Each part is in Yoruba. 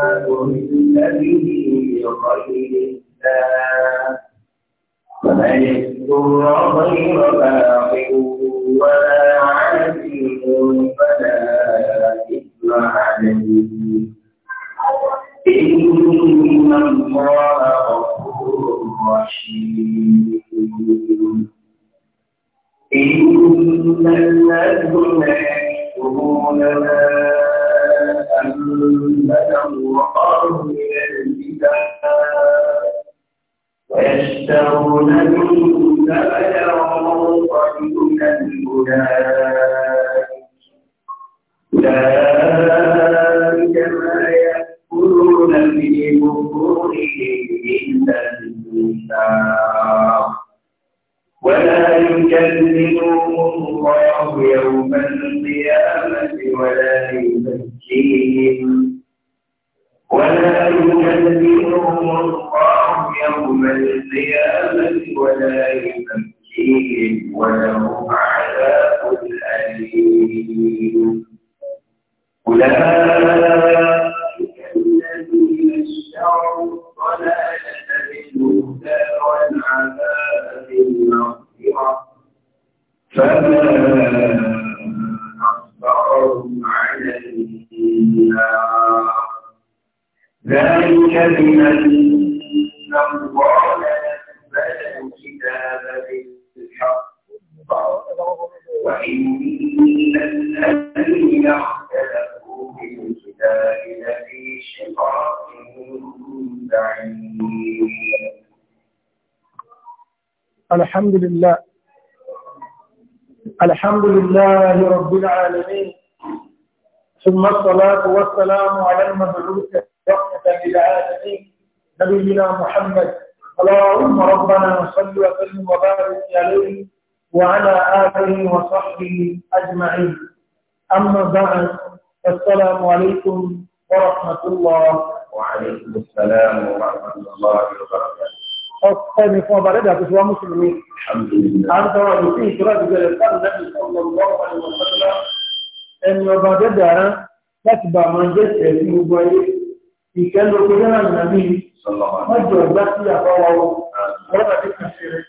فضل به خير فمن اذكر غير باق ولا عاد فلا إثم عليه إن الله غفور رحيم إن الذين يكفرون ما أنبته وقالوا من البدع ويشترون به ثمنا قليلا أولئك أولئك ما يأكلون في بطونهم إلا النار ولا يكلمهم الله يوم القيامة ولا يزكيهم الرجيم ولا يكلمهم الله يوم القيامة ولا يزكيهم ولهم عذاب أليم أولئك الذين اشتروا الضلالة بالهدى والعذاب بالمغفرة فما أصبرهم النار ذلك بأن الله نزل الكتاب بالحق وإن لفي بعيد الحمد لله الحمد لله رب العالمين ثم الصلاة والسلام على المبعوث رحمة للعالمين نبينا محمد اللهم ربنا صل وسلم وبارك عليه وعلى آله وصحبه أجمعين أما بعد السلام عليكم ورحمة الله وعليكم السلام ورحمة الله وبركاته Ọ̀pẹ́ ni fún ọba الحمد لله ṣe wá Mùsùlùmí. A ń tọrọ ìlú ẹni ọba dẹ́dàrá láti bá máa jẹ́ ẹ̀sí gbogbo ayé ìkẹ́lò tó dára nàbí mọ́jọ ọ̀gbá sí àbáwá wọn ọ̀rọ̀ àti kàṣẹrẹ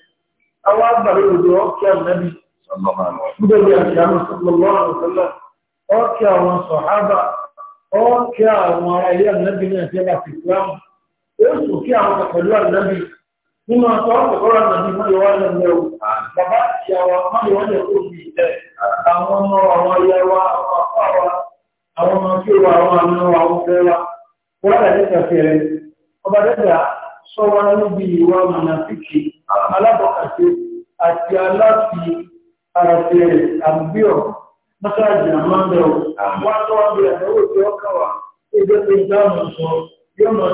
àwọn àgbàlẹ̀ òdò ọ̀kí ànábì nígbàgbé àti àwọn sọ̀lọ́wọ́ àwọn sọ̀lọ́ ọ̀kí àwọn sọ̀hábà ọ̀kí àwọn ará ànábì náà jẹ́ láti ìsìlámù ó sì kí àwọn pẹ̀lú ànábì nínú ọ̀sán ọ̀pọ̀lọpọ̀ náà ní wọ́n yọ wá lẹ́nu ẹ̀wò bàbá àti àwa wọ́n yọ wọ́n lẹ́nu kó fi ìtẹ́ àwọn ọmọ àwọn ẹ̀yà wa àwọn afọ àwa àwọn ọmọ tí ó wà àwọn àmì wa àwọn ọ̀fẹ́ wa wọ́n rà ní kàfẹ́ ọba dẹ́gbà sọ wá níbi ìwà mọ̀nàfíkì alábọ̀kàṣe àti aláfi àràfẹ́ àbíọ̀ mọ́sáàjì àmọ́ndẹ̀ wọ́n tọ́wọ́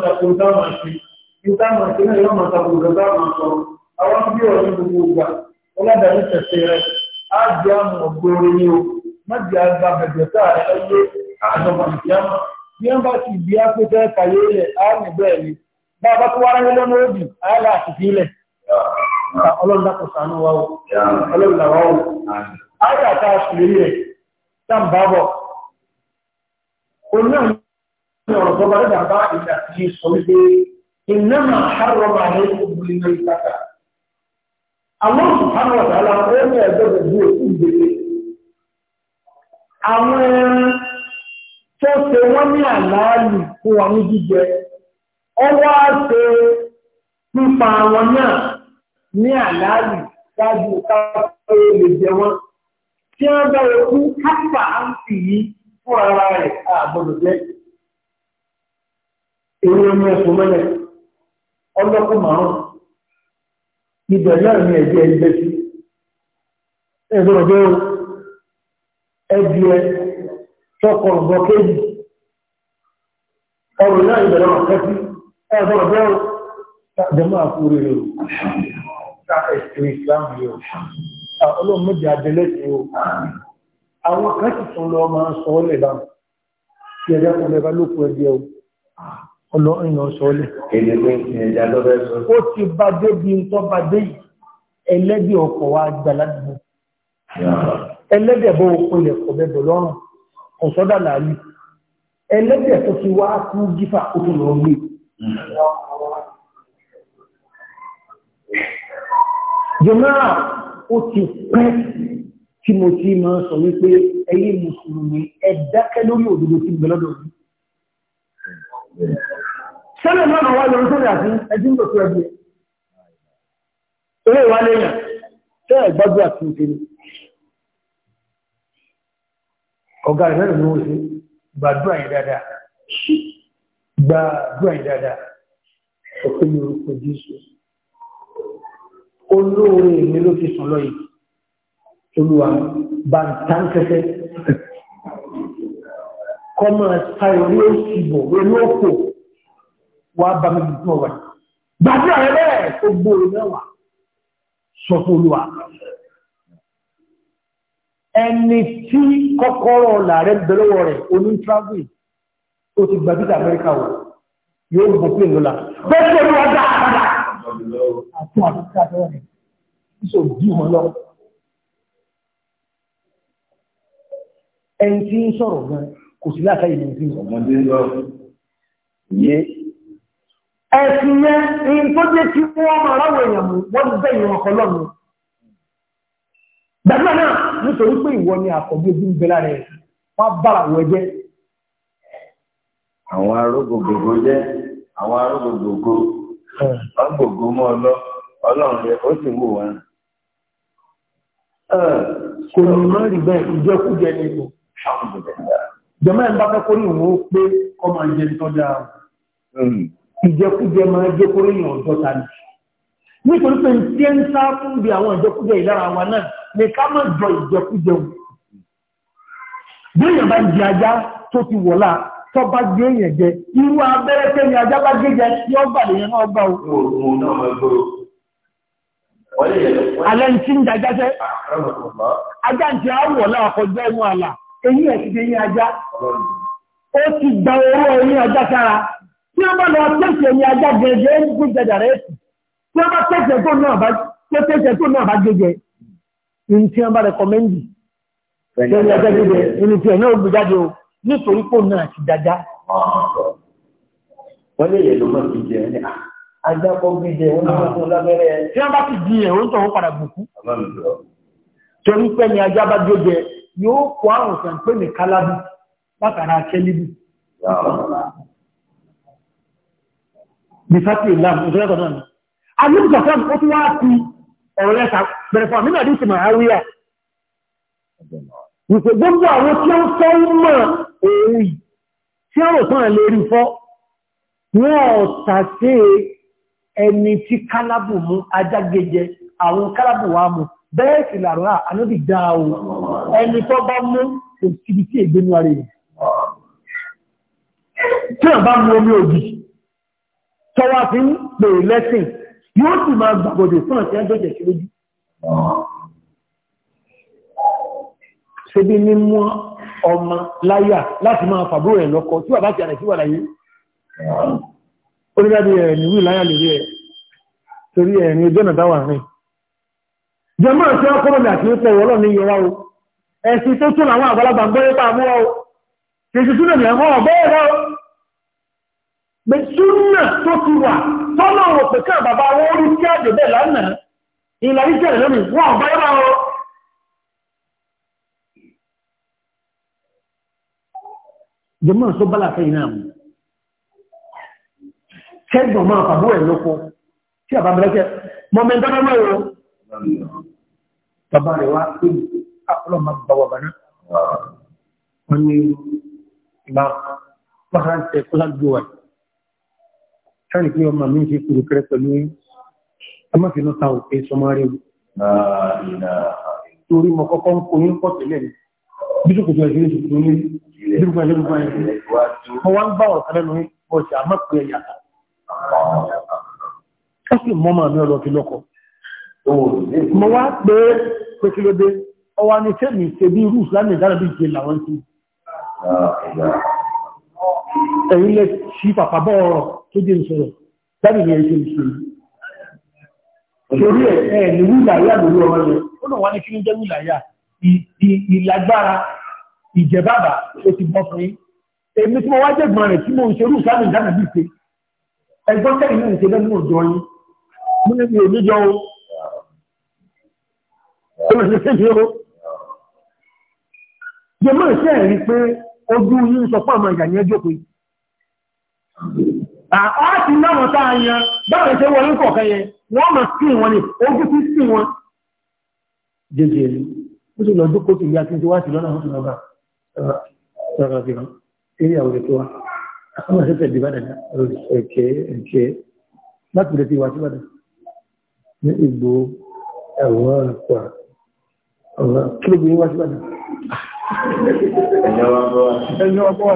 wá ó jẹ́ ìtàmà tí náà yọ́mà tàbùrù dáàmà sọ àwọn bí ọ̀rọ̀ gbogbo ìgbà ọlọ́dàrí tẹ̀sẹ̀ rẹ̀ á jẹ́ àmọ̀ ògbóore ní o má àgbà bẹ̀bẹ̀ tá ẹyẹ àjọmọ̀ bí wọ́n bá ti bí apẹ́tẹ́ kàyé rẹ̀ á bẹ́ẹ̀ ni bá a bá tó lọ́nà òbí á àtìkí wa a إنما حرم عليكم الميتة الله سبحانه وتعالى قال يا جبل هو كل àwọn ẹran tó ṣe wọ́n ní àlàálù fún wọn ní jíjẹ ọwọ́ àṣẹ pípa wọn náà ní àlàálù dájú káàkiri lè jẹ wọn tí wọ́n bá ẹkú kápá á ń fi yí fún ara rẹ̀ àgbọ̀dọ̀ jẹ́ èyí ọmọ ẹ̀sùn mẹ́lẹ̀ ọlọ́kùn márùn ibẹ̀ náà ní ẹ̀jẹ̀ ẹgbẹ́ sí ẹgbẹ́ ọjọ́ ẹgbẹ́ tọkọ̀ ọ̀gbọ́n kéjì ọrọ̀ náà ibẹ̀ náà kẹ́ sí ẹgbẹ́ ọjọ́ dẹ̀mọ́ àkúrẹ́ rẹ̀ ká ẹ̀sìn Islam rẹ̀ ọlọ́run méjì adẹ́lẹ́ sí ọlọ́rìnà sọ́lẹ̀. Èdè pé ìjẹ̀dá ló fẹ́ sọ. Ó ti bá dé bí n tọ́ bá dé yìí, ẹlẹ́dẹ̀ ọkọ̀ wa gbàládùn. Ẹlẹ́dẹ̀ bọ́ òkú ilẹ̀ kọ̀ bẹ́ẹ̀ bọ̀ lọ́rùn, ọ̀sọ́dà làálù. Ẹlẹ́dẹ̀ tó fi wá kú gífà ó tó lọ gbé. Jọ̀mọ́ra ó ti pẹ́ tí mo ti máa sọ wípé ẹ̀yin Mùsùlùmí ẹ lórí òdodo tí ń bẹ sẹ́lẹ̀ náà wá lórí sórí àti ẹjí ń lòtú ẹgbẹ́ eré ìwà lẹ́yìn tẹ́ ẹ̀gbájú àti ìṣẹ́lẹ̀ ọ̀gá ìrẹ́lẹ̀ ló ṣe gbàdúrà yìí dáadáa gbàdúrà yìí dáadáa ọ̀pẹ́ ní orúkọ Jésù olóore èmi ló fi sùn lọ́yìn olúwa bá ń tán kẹsẹ́ kọ́mọ̀ sáré orí ó sì bọ̀ orí ó pò wà á bá mi dùn ọ̀wẹ́. Gbàdúrà rẹ bẹ́ẹ̀ tó gbòòrò mẹ́wàá sọ fún olúwa. Ẹni tí kọ́kọ́rọ́ ọ̀la rẹ̀ bẹ lọ́wọ́ rẹ̀ oní travel tó ti gba títà Amẹ́ríkà wọ̀ yóò gbọ́ pé lọ́la. Bẹ́ẹ̀ ni olúwa dá àpàdà. Àti àdúgbò àbẹ́rẹ́ rẹ̀ ìṣò bí wọn lọ. Ẹni tí ń sọ̀rọ̀ gan kò sí láàkáyé ní ìpínlẹ̀. Ọmọdé lọ ẹ̀sìn yẹn in tó jẹ́ kí wọ́n máa ráwọ̀ èèyàn mú wọ́n ti bẹ́ẹ̀ ìrànkọ́ lọ́nà gbàgbà náà nítorí pé ìwọ ni àkọ́bí ojú ń bẹ lára ẹ̀ wọ́n bára wọ ẹjẹ́ àwọn arógògògò jẹ́ àwọn arógògògò hmm. wọ́n gbògò mọ́ ọ lọ ọlọ́run rẹ̀ ó sì wò wá. Hmm. kò ní má rí bẹ́ẹ̀ ìjẹkújẹ ni ipò jọmọ́ ẹ̀ ń bá fẹ́ kórìí òun ó pé ọmọ ìjẹun tọ́jà. ìjẹkújẹ máa jókòó èèyàn ọ̀dọ́ta ni nítorí pé tí ń sá fún bí àwọn ìjẹkújẹ ìlara wa náà ni ká má jọ ìjẹkújẹ o bí èèyàn bá di ajá tó ti wọ̀lá tó bá gé èèyàn jẹ irú abẹ́rẹ́ tẹ́ni ajá bá gé jẹ tí ó náà o. alẹ́ ń tí ń sẹ́ ajá tí wọ́n bá lọ tẹ̀sẹ̀ ní ajá gẹ̀ẹ́gẹ́ ẹ̀ẹ́dẹ́gbẹ́ jẹjà rẹ̀ ẹ̀sìn tí wọ́n bá tẹ̀sẹ̀ tó náà bá tó tẹ̀sẹ̀ tó náà bá gẹ̀ẹ́gẹ́ ní tí wọ́n bá rẹ̀kọ́mẹ́ndì lórí ajá gẹ̀ẹ́gẹ́ ẹni tí ẹ̀ náà gbé o nítorí pò náà ti dájá. wọ́n lè yẹ̀ ló mọ̀ sí jẹ́ ẹni ajá kọ́ gbé jẹ́ wọ́n lọ́ fún lábẹ́rẹ́ tí wọ́n bá ti di ẹ̀ oúnjẹ òun padà bùkú. torí pé ni ajá bá gẹ̀ẹ́gẹ́ yóò kó àrùn sàn pé ní kálábù látara kẹ́líbù bifati ilam ìfẹ́lẹ́kọ̀ náà ni alúgbàfẹ́m ó tún wá ti ọ̀rọ̀ lẹ́ta bẹ̀rẹ̀ fún àmìnà àdíṣì máa wíyà wípé gbogbo àwọn tí ó fẹ́ mọ̀ èyí tí ó rò tán lè rí fọ́ wọ́n tàṣe ẹni tí kálábù mú ajágẹjẹ àwọn kálábù wá mú bẹ́ẹ̀ sì làrá ànóbì dáa o ẹni tó bá mú òsìbìtì ìgbénu ara rẹ̀ tí wọ́n bá mú omi ògì tọ́wà fi ń pè lẹ́sìn yóò sì máa gbàgbọ́dọ̀ fún àti ẹgbẹ̀jẹ̀ sí lójú. ṣebí ní mú ọmọ láyà láti máa fàbúrò ẹ̀ lọ́kọ tí wà bá ti àrẹ̀ sí wà láyé orílẹ̀-èdè ẹ̀ níwí láyà lórí ẹ̀ torí ẹ̀ ní ọjọ́ nàdáwà rìn jẹmọ́ tí ó kọ́rọ̀ àti ó pẹ̀wọ̀ lọ ní yọra o ẹ̀sì tó tún àwọn àgbàlagbà gbọ́rẹ́ pàmọ́ o kìí tún lè mọ́ ọ̀bẹ́ẹ̀rẹ́ o pé súnà tó ti wà tọ́lọ̀ wò pé káà bàbá wọn orí sí àjẹ̀bẹ̀ lánàá ìlànà ìjẹ̀rẹ̀ lónìí wọn ò báyọ̀ wọn. jẹ́mọ́ sọ bá láfẹ́ iná mú kẹ́gbọ̀n máa fàbú ẹ̀ lóko tí àbá bẹ̀rẹ̀kẹ́ mọ́mẹ́ntọ́ mọ́ ẹ̀rọ bàbá rẹ̀ wá pé ah, ọlọ́mà bàbá bàbá náà wọ́n ní ìgbà pàtàkì ẹ̀kọ́ lágbó wáyé káàní pé ọmọ mi ń ṣe kúrò kẹrẹ pẹ̀lú ọmọfinú ta òfin sọmọrí o. torí mo kọ́kọ́ ń kó yín pọ̀ tẹ́lẹ̀ ni bísí kò tó ẹ̀sìn oṣù tó ní dúró ẹ̀lẹ́ dúró ẹ̀lẹ́ mo wá ń bá ọ̀rọ̀ kẹlẹ́ lórí mo ṣe àmọ́ pé ẹ̀yà ta. ó sì mọ́ màmí ọ̀rọ̀ fi lọ́kọ̀. mo wá pé pé kí ló dé ọwọ́ ni tẹ́mi ṣe bí irú ìsìlámì ìdára bí ìṣe làwọn ti. ẹ̀yin lẹ ṣí pàpà ọ̀rọ̀ tó jẹ́ ìṣòro láti ní ẹ̀ṣẹ́ ìṣòro. Torí ẹ̀ ẹ̀ ní wíláyà lórí ọmọ rẹ̀, ó lọ wá ní kí ní jẹ́ wíláyà, ìlágbára, ìjẹ̀bàbà ó ti bọ́ fún yín. Èmi tí mo wá jẹ́ rẹ̀ tí mo ń ṣerú sáàmì ìdáná bí ṣe, ẹgbọ́n tẹ́lẹ̀ ní ìṣẹ́ lẹ́nu òjò yín. Mo ní mi ò ní jọ o. Ó lọ sí àti náà tá a yan báwọn ṣe wọ́n ní kọ̀ọ̀kan yẹn wọ́n mọ̀ sí wọn ni ojú sí sí wọn jẹjẹ rí ó sì lọ dúkó sí ilé àti ìjọwá sí lọ́nà àwọn ọba ọ̀rọ̀ fi hàn eré àwọn ètò wa àwọn àṣẹ tẹ̀lé ìbàdàn ẹ̀kẹ́ ẹ̀kẹ́ láti lè fi wà síbàdàn ní ìgbò ẹ̀wọ̀ ọ̀pọ̀ ọ̀rọ̀ kí ló gbé wá síbàdàn ẹ̀yọ́ ọgbọ́ wa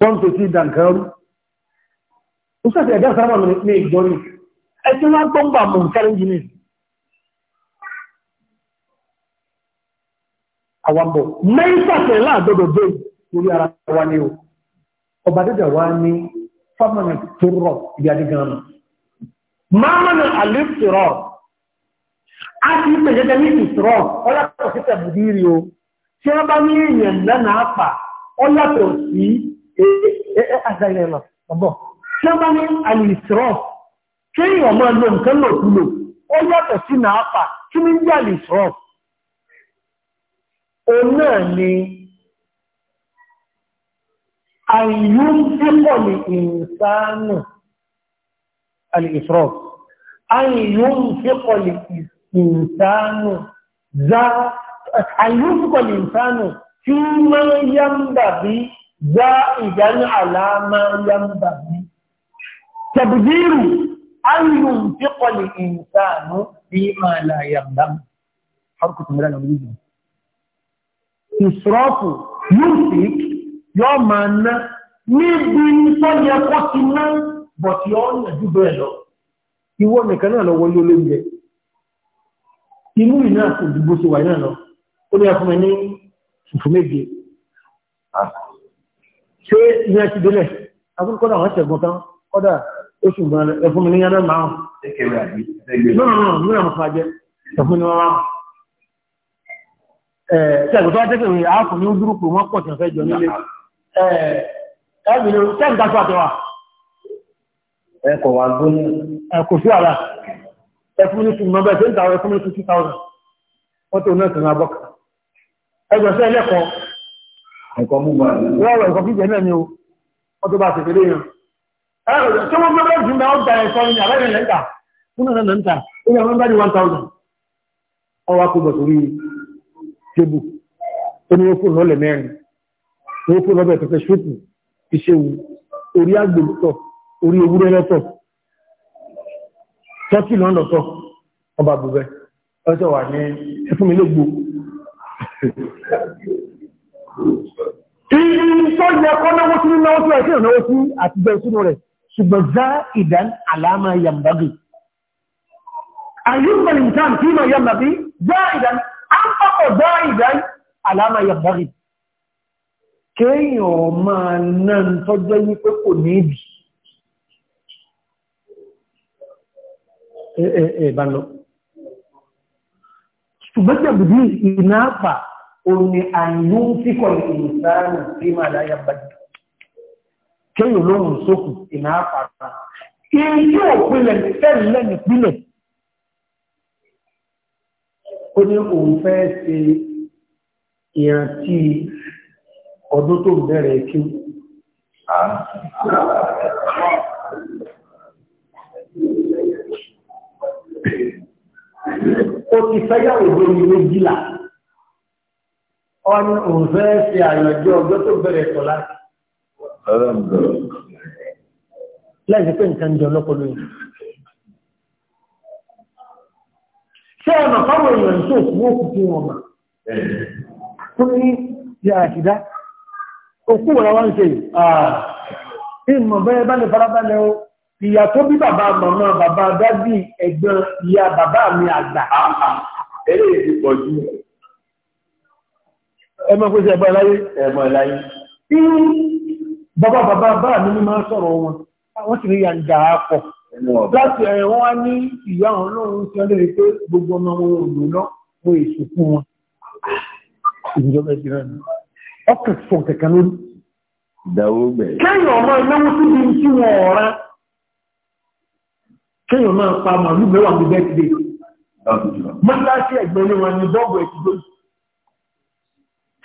wọ́n tó ti dànkẹ́rú ó sẹ́sẹ̀ ẹ̀dá sábà ní ìjọ ní ẹjọ́ wá gbọ́n gbà mọ̀ nǹkan jù ní àwàbọ̀ mẹ́sàtẹ̀ láàdọ́dọ̀ dé orí ara wa ní o ọba dídà wá ní fámánà tó rọ̀ ibi adígan mọ́mọ́nà àlẹ́fẹ̀rọ̀ a ti pẹ̀jẹ́jẹ́ ní ìsọ̀rọ̀ ọlọ́pọ̀ sí tẹ̀bùdí rí o tí wọ́n bá ní èèyàn lẹ́nà àpà ọlọ́pọ̀ sí àgbàyẹ̀ ẹ̀mà ọ̀bọ̀ tí wọ́n bá ní alìsírọ̀ kéèyàn máa lo nǹkan lòkulò ó yàtọ̀ sí nàápà kí ní jẹ́ alìsírọ̀ òun náà ni àyún pípọ̀ ní ìsánù alìsírọ̀ àyún pípọ̀ ní ìsánù za àyún pípọ̀ ní ìsánù tí wọ́n yá ń dàbí جائزا على ما ينبغي تبذير أن ينفق insanu فيما لا ينبغي حركة ملا نبيجي إسراف ينفق يوما níbi tó yẹ kó ti ná bọ̀ tí ó ń jù bẹ́ẹ̀ lọ ìwọ nìkan náà lọ wọlé olóúnjẹ inú ìná àti ìdìbò sí wà náà lọ ó ní ẹkùnrin ní ìfúnmẹ́gbẹ̀ẹ́ ṣé ìyẹn ti délẹ̀ àbúrò wọ́n ṣẹ̀gbọ́n tán kọ́dà oṣù gan ẹfún mi ní yánná máa ń. náà náà mí àwọn fàájẹ ẹfún ni wọn wá. ẹ ṣẹ̀gbọ́n tó wá tẹ́kẹ̀ rẹ̀ á fún ní gúrúùpù ẹ̀kọ́ mú bá rẹ̀. Wọ́n rẹ̀ ẹ̀kọ́ fíjẹ náà ni o, wọ́n tó bá ṣe fèrè yàn. tí wọ́n jù náà ó ẹ̀sọ́ fún ó yà Ibi tó yẹ kọ́ náwó sí náwó sí ẹ̀sìn ìnáwó sí àti bẹ̀rẹ̀ sínú rẹ̀, ṣùgbọ́n zá ìdán àlámà yàmbági. Àyíkbẹ̀lì nǹkan tí ma yàmbági, zá ìdán, a ń pàpọ̀ zá ìdán àlámà yàmbági. Kéèyàn máa náà tọ́jọ́ yí pé kò ní ìbì. Ẹ òní àyúntíkọ̀ ìsáàrùn sí máa láyá bàjẹ́. Kéyò lóhun sókù ìná àpàtà. Ilé òpínlẹ̀ tẹ́lẹ̀ nípínlẹ̀. Ó ní òun fẹ́ ṣe ìrántí ọdún tó bẹ̀rẹ̀ kí. Ó ti fẹ́yàwó lórí méjìlá ọ́nà òfẹ́ ṣe àyànjọ́ ọjọ́ tó bẹ̀rẹ̀ sọ láti. Lẹ́yìn pé nǹkan jọ lọ́pọ̀lọ́ yìí. Ṣé ọ̀nà fáwọn èèyàn tó kú òkú tí wọ́n mà? Tó ní ti àṣìdá. Òkú wọ̀rọ̀ wá ń ṣe yìí. Ìmọ̀ bẹ́ẹ̀ bá lè farabalẹ̀ o. Ìyá tó bí bàbá màmá bàbá dádì ẹ̀gbọ́n ìyá bàbá mi àgbà. Eré ìdìpọ̀jù ẹmọ pèsè ẹ̀bọ̀ ẹ̀láyé ẹ̀mọ̀ ẹ̀láyé tí bàbá bàbá bá mi ní máa sọ̀rọ̀ wọn wọ́n sì rí ya ń dà á pọ̀ láti ẹ̀wọ́n wá ní ìyá àwọn ọlọ́run tí wọ́n lè pé gbogbo ọmọ wọn ò lò lọ wọ èso fún wọn ìjọba ẹ̀sìn náà ni ọkàn fọ̀ kẹ̀kẹ́ lórí. kéèyàn ọmọ ìnáwó tó di tí wọn ọ̀ra kéèyàn máa pa màálù mẹ́wàá ní bẹ́ẹ̀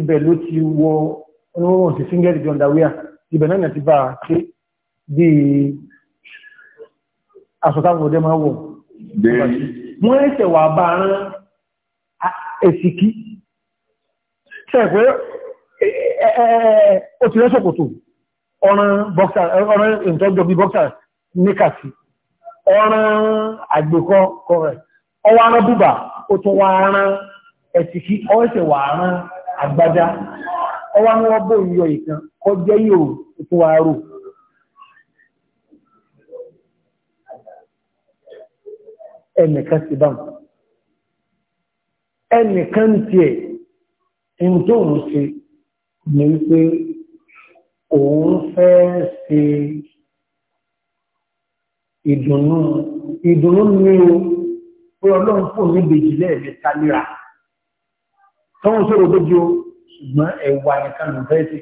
ibẹ̀ ló ti wọ oníwọ̀n sí fíngẹ́lì bí ọ̀dàwíà ibẹ̀ náà ti bá a ké bí asọ̀táwọn ọdẹ máa wọ̀ wọ́n ẹ̀sẹ̀ wà bá rán èsìkí sẹ́ẹ̀kọ́ ó ti rẹ́sọ̀kòtò ọ̀rán ìtọ́jọ́ bí bọ́ksà níkàtí ọ̀rán àgbẹ̀kọ́ kọrẹ̀ ọwọ́ arán búbà ó tún wà rán èsìkí ọ̀ẹ́sẹ̀ wà àgbádá ọwá ní wọ́n bó yọ ìkan kọjẹ́ yóò fún wa rò ẹnìkan sí bá ẹnìkan tí ẹ̀ in tó ń ṣe ní wípé òun fẹ́ ṣe ìdùnnú ìdùnnú ní o pé ọlọ́run fún níbejì lẹ́ẹ̀mẹ́ta léra tọ́wọ́n sọ̀rọ̀ tó jọ ṣùgbọ́n ẹ̀wà nìkan ló fẹ́ sí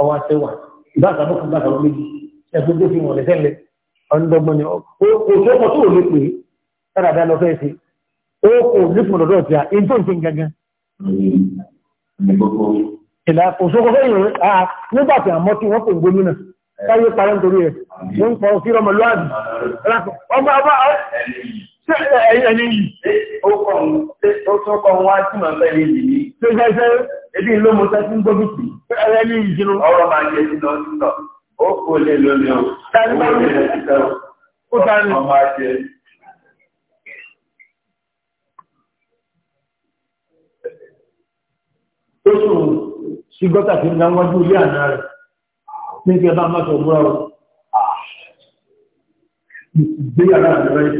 ọwọ́ àtẹwà ìbáta bọ́kàn bàtà ló méjì ẹ̀fọ́ tó fi wọ̀n lẹ́sẹ̀lẹ̀ ọ̀ndọ́gbọ́n ni òṣèkọ̀ tó lè pè é tàdàdà lọ fẹ́ sí ó kò ní fún ọ̀dọ́ ti à ń tó ń fi gangan. ìlà òṣèkọ̀ fẹ́ yìí à nígbà tí àmọ́ tí wọ́n kò gómìnà táyé parẹ́ nítorí ẹ̀ wọ́n ń pọ̀ sí ọmọlúwàbí Ṣé ẹni yìí? Ó kọ̀ wá tí màá bẹ́ ní ìlú. Ṣé ṣẹ́ṣẹ́ ebi ló mú sẹ́sí ń gbóbi sí? Ẹni yìí jínú. Ọ̀rọ̀ máa jẹ́ sínú ọdún náà. Ó kò lè lónìí o. Ṣé ó lè lè ṣiṣẹ́ o? Ó dání. Ọmọ máa jẹ. Ó sùn sí gọ́tà tí ń ilé àná rẹ̀.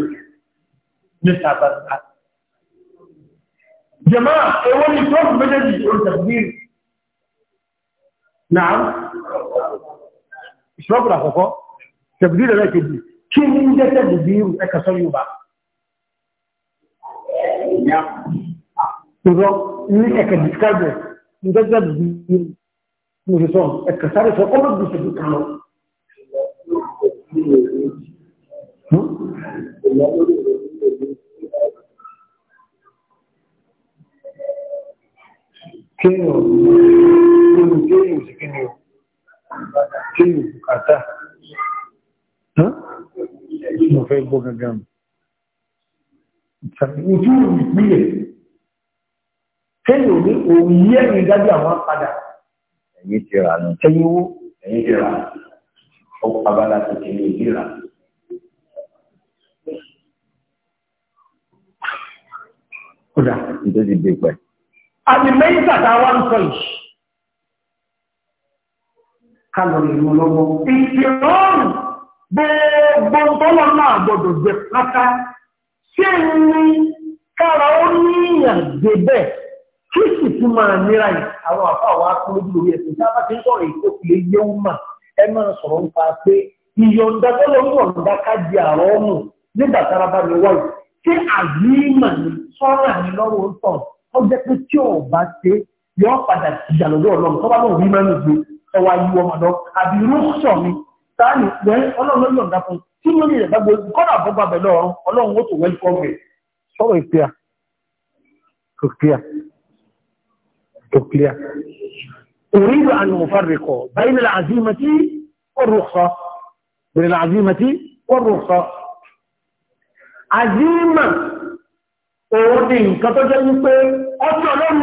Ní ní sàbàtà. Jẹ̀má ewé ni tó fi méjèèjì olùtẹ̀bìrì. Nàá, ìṣọ́bù àkọ́kọ́, tẹ̀bìrì rẹ̀ kejì, kí ní jẹ́ tẹ̀bìrì ẹka sọ Yorùbá? Ìrọ̀ ní ẹ̀kẹ̀ dìskábẹ̀, ní jẹ́ tẹ̀bìrì mo sọ ọmọ gbèsè tó kàn lọ kéèyàn nínú kéèyàn sí kí ni o kéèyàn bùkátà mo fẹ́ gbọ́ gangan ìtàkùnjú ìpínlẹ̀ kéèyàn ní òun yí ẹ̀yìn dájú àwọn padà ẹ̀yìn tí ra nù ẹ̀yìn owó ẹ̀yìn tí ra ó abala tó kéré ìdíra kódà nítorí dé pẹ́. àmì mẹ́ta tá a wá ń sọ yìí ká lọ lè lọ́wọ́. gbogbo tọ́lọ́ náà gbọ́dọ̀ jẹ pátá ṣé ní kára ó níyàn débẹ̀ kí sì tún máa níra yìí àwọn àfàwọ̀ akúlójú lórí ẹ̀sìn tí a bá ti ń sọ̀rọ̀ ṣé àgbìmọ̀ ní sọ́rọ̀ ní lọ́wọ́ ń tọ̀ ó jẹ́ pé tí ò bá ṣe yọ padà ìjà lọ́dọ̀ ọlọ́run tó bá lọ́wọ́ rí mẹ́rin gbé ọwọ́ ayé ọmọ lọ àbí rúṣọ̀ mi sáàni pé ọlọ́run ló yọ̀ǹda fún tí mo ní ìrẹ̀dá gbogbo kọ́nà àbọ̀gbà bẹ̀ lọ́rùn ọlọ́run ó tó wẹ́lkọ́m rẹ̀ sọ̀rọ̀ ìpìyà tó clear tó clear أريد أن أفرق بين العزيمة والرخصة بين العزيمة والرخصة àzímà òun ni nǹkan tó jẹ́ wípé ọtí ọlọ́run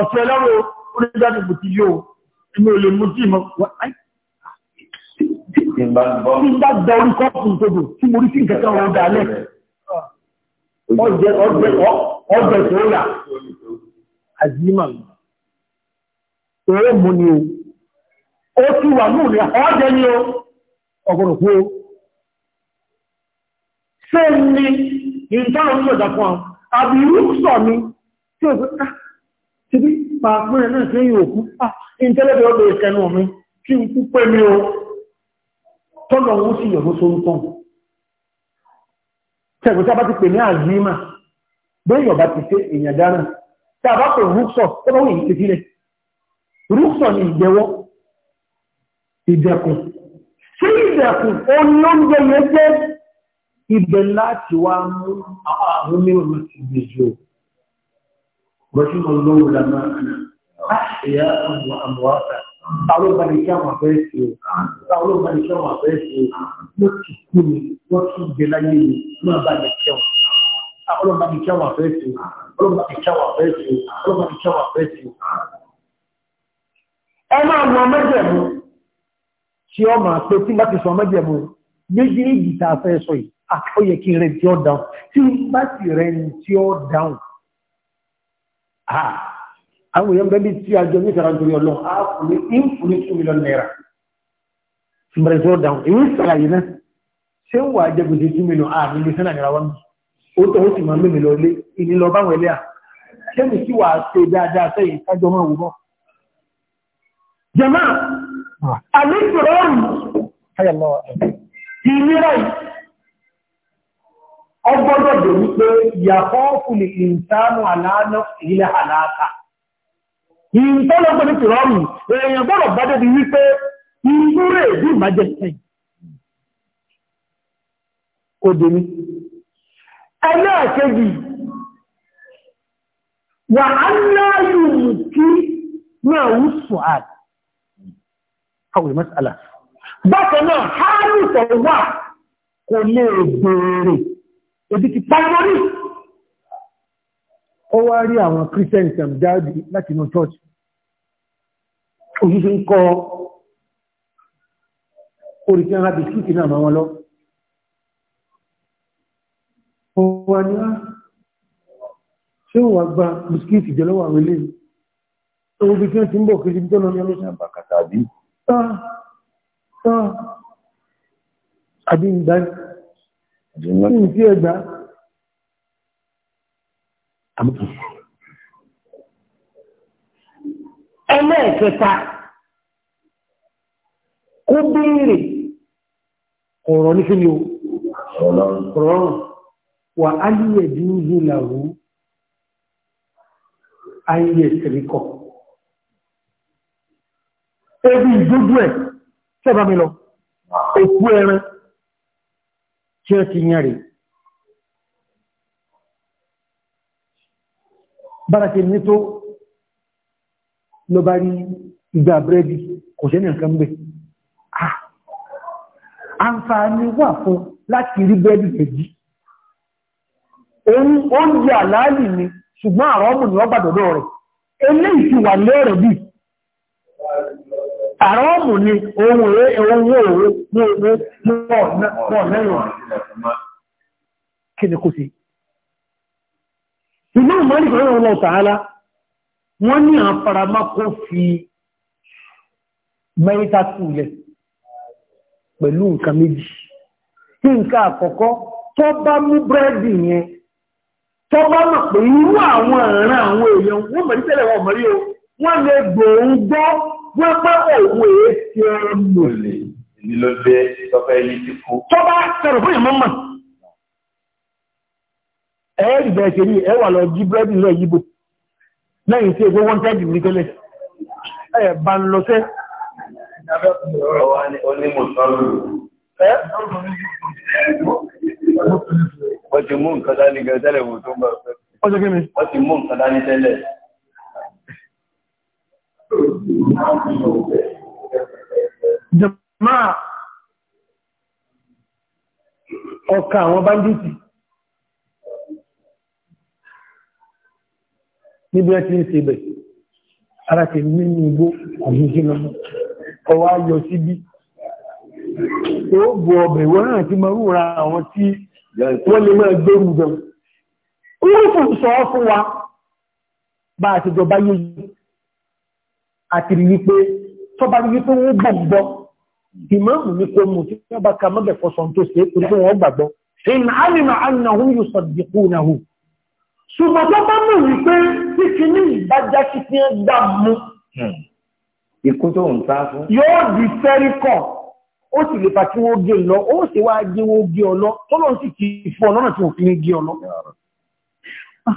ọ̀tí ọlọ́run oníjáde kò ti yó inú olè mú tí mọ́ tí bá gba orí kọ́ọ̀kùn tó dùn tí mo rí sí nǹkan kan ọ̀dà alẹ́ ọjẹ́ ọjẹ́ tó yà àzímà òun mú ni o ó ti wà ní òun ni ọjẹ́ ni o ọ̀gọ̀rọ̀ fún o ṣe ní ìdáhùn ní ọ̀dá fún àwọn àbúrú sọ mi tí ó gbá ti bí pàápínrẹ̀ náà tí yíò kú pà ìntẹ́lẹ́bẹ̀ ọdọ̀ ìkẹnu mi kí n kú pé mi o tọ́lọ̀ wọ́n sì yọ̀ sórúkọ tẹ̀gbẹ̀ tí a bá ti pè ní àzíma bẹ́yọ̀ bá ti ṣe èèyàn dára tí a bá pè rúksọ̀ tó bá wù ní tẹ́tílẹ̀ rúksọ̀ ni ìgbẹ́wọ́ ìdẹ̀kùn sí ìdẹ̀kùn ó ní oúnjẹ yẹn jẹ́ ibẹ̀ láti wá mú àwọn mìíràn ti gbèjò bọ́símọ̀ lọ́wọ́ lámà àṣìyá ọmọ àmọ́wàtà àwọn ìbánikẹ́ àwọn àfẹ́ẹ̀sì o àwọn ìbánikẹ́ àwọn àfẹ́ẹ̀sì o wọ́n ti kú mi wọ́n tún gbé láyé mi wọ́n bá mi kẹ́ wọn. àwọn ìbánikẹ́ àwọn àfẹ́ẹ̀sì o ẹ máa wọ mẹ́jẹ̀mú tí ọ máa pé tí bá ti sọ mẹ́jẹ̀mú méjèèjì tá a fẹ́ sọ yìí àkọ́yẹ kí rẹ̀ tí ó dáhùn tí n bá sì rẹ̀ ní tí ó dáhùn. àwọn èèyàn bẹ́ẹ̀ bí tí a jọ ní ìsara nítorí ọlọ́run á fún mi ń fún mi two million naira tí n bá rẹ̀ tí ó dáhùn èyí sara yìí náà ṣé ń wà á jẹ gbèsè two million àmì ní sẹ́nà ìrànwọ́ mi ó tọ́ ó sì máa mímì lọ lé ìní lọ báwọn ẹlẹ́à ṣé mi sì wà á ṣe dáadáa sẹ́yìn kájọ máa wù mọ́. jẹ̀má àlejò rọrùn ìnira yìí ọgbọ́dọ̀ dò wípé ìyàfọ́ fúnni ìntánù àlànà ilẹ̀ àlàáta ìntọ́lọ́gbọ́n ní tìrọ́mù èèyàn gbọ́dọ̀ bá débi wípé ìrúrẹ̀ ìdí ìmájẹsẹ̀ òdè mi ẹlẹ́ẹ̀kejì wà á láyùn bákan náà hálùtọ̀ wà kò lè béèrè ebi ti pàtàkì ó wá rí àwọn christians and jáde láti inú church òṣìṣẹ́ ń kọ́ oríṣẹ́ ara bisikíti náà máa wọn lọ ọwọ́ ni á ṣé wà gba bisikíti jẹ́ lọ́wọ́ àwọn ilé owó bí kí wọ́n ti ń bọ̀ kí ibi tó lọ ní ọlọ́sàn àbàkàtà bí ah, àbí ìgbà ní ìfí ẹgbà ẹlẹ́ẹ̀kẹta kó béèrè ọ̀rọ̀ ní kíni o ọ̀rọ̀ wà áyẹ̀ dínú làwú áyẹ̀ tẹ̀ríkọ̀ ebi ìdójú ẹ̀ sẹ́bà mi lọ òkú ẹran tí ó ti yẹn rẹ̀ bára ti ní tó lọ bá rí ìgbà búrẹ́dì kò ṣe ní nǹkan gbé àǹfààní wà fún láti rí búrẹ́dì ẹ̀jí oúnjẹ àlàálì ni ṣùgbọ́n àwọn ọmọ ni wọ́n gbàdọ̀dọ̀ rẹ̀ eléyìí ti wà lẹ́rẹ̀ bíi àrọ́ọ̀mù ni ohun èrè ohun èrè ní èrè pọ̀ mẹ́rin kí ní pẹ̀lú nǹkan méjì tí nǹkan àkọ́kọ́ tó bá mú búrẹ́dì yẹn tó bá mọ̀ àwọn àwọn èèyàn wọ́n wọ́n pẹ́ òwò èsì ọmọ lè nílòdé tọ́fẹ́ yìí ti kú. tó bá sẹ̀rọ fún ìmọ̀mọ̀ ẹ̀ẹ́rì bẹ̀ẹ̀ ṣe rí ẹwà lọ jí búrẹ́dì lọ yíbo lẹ́yìn tí egbó wọ́n tẹ́jì ní tẹ́lẹ̀ ẹ̀ bá ń lọ sẹ́ Wọ́n ti mú nǹkan dání gẹ̀ẹ́ tẹ́lẹ̀ wò tó ń bá fẹ́. Wọ́n ti mú nǹkan dání tẹ́lẹ̀ jama ọkà àwọn banditi níbi ẹ̀ tí ń ṣe bẹ̀ ara ti nínú igbó àjíjínà ọwá yọ síbí ó bù ọbẹ̀ wọ́n náà ti máa rúra àwọn tí wọ́n lè máa gbé rú gan. ó fún sọ fún wa bá àtijọba yóò àti rí wípé tó bá rí wípé wọ́n gbàgbọ́ ìmáàmù ní kò mú tí wọ́n bá ka mọ́bẹ̀ fọ́sọ̀ tó ṣe torí pé wọ́n gbàgbọ́ in alima annahu yusaddiqunahu ṣùgbọ́n tó bá mú wípé tí kìíní ìbájá sí ti ń gbà mú hmm. ikú tó ń sá fún yóò di fẹ́ríkọ̀ ó sì lè fa kí wọ́n gé lọ ó sì wá gé wọ́n gé ọ lọ tó lọ́n sì kì fún ọ lọ́nà tí wọ́n fi ń gé ọ lọ hmm. ah,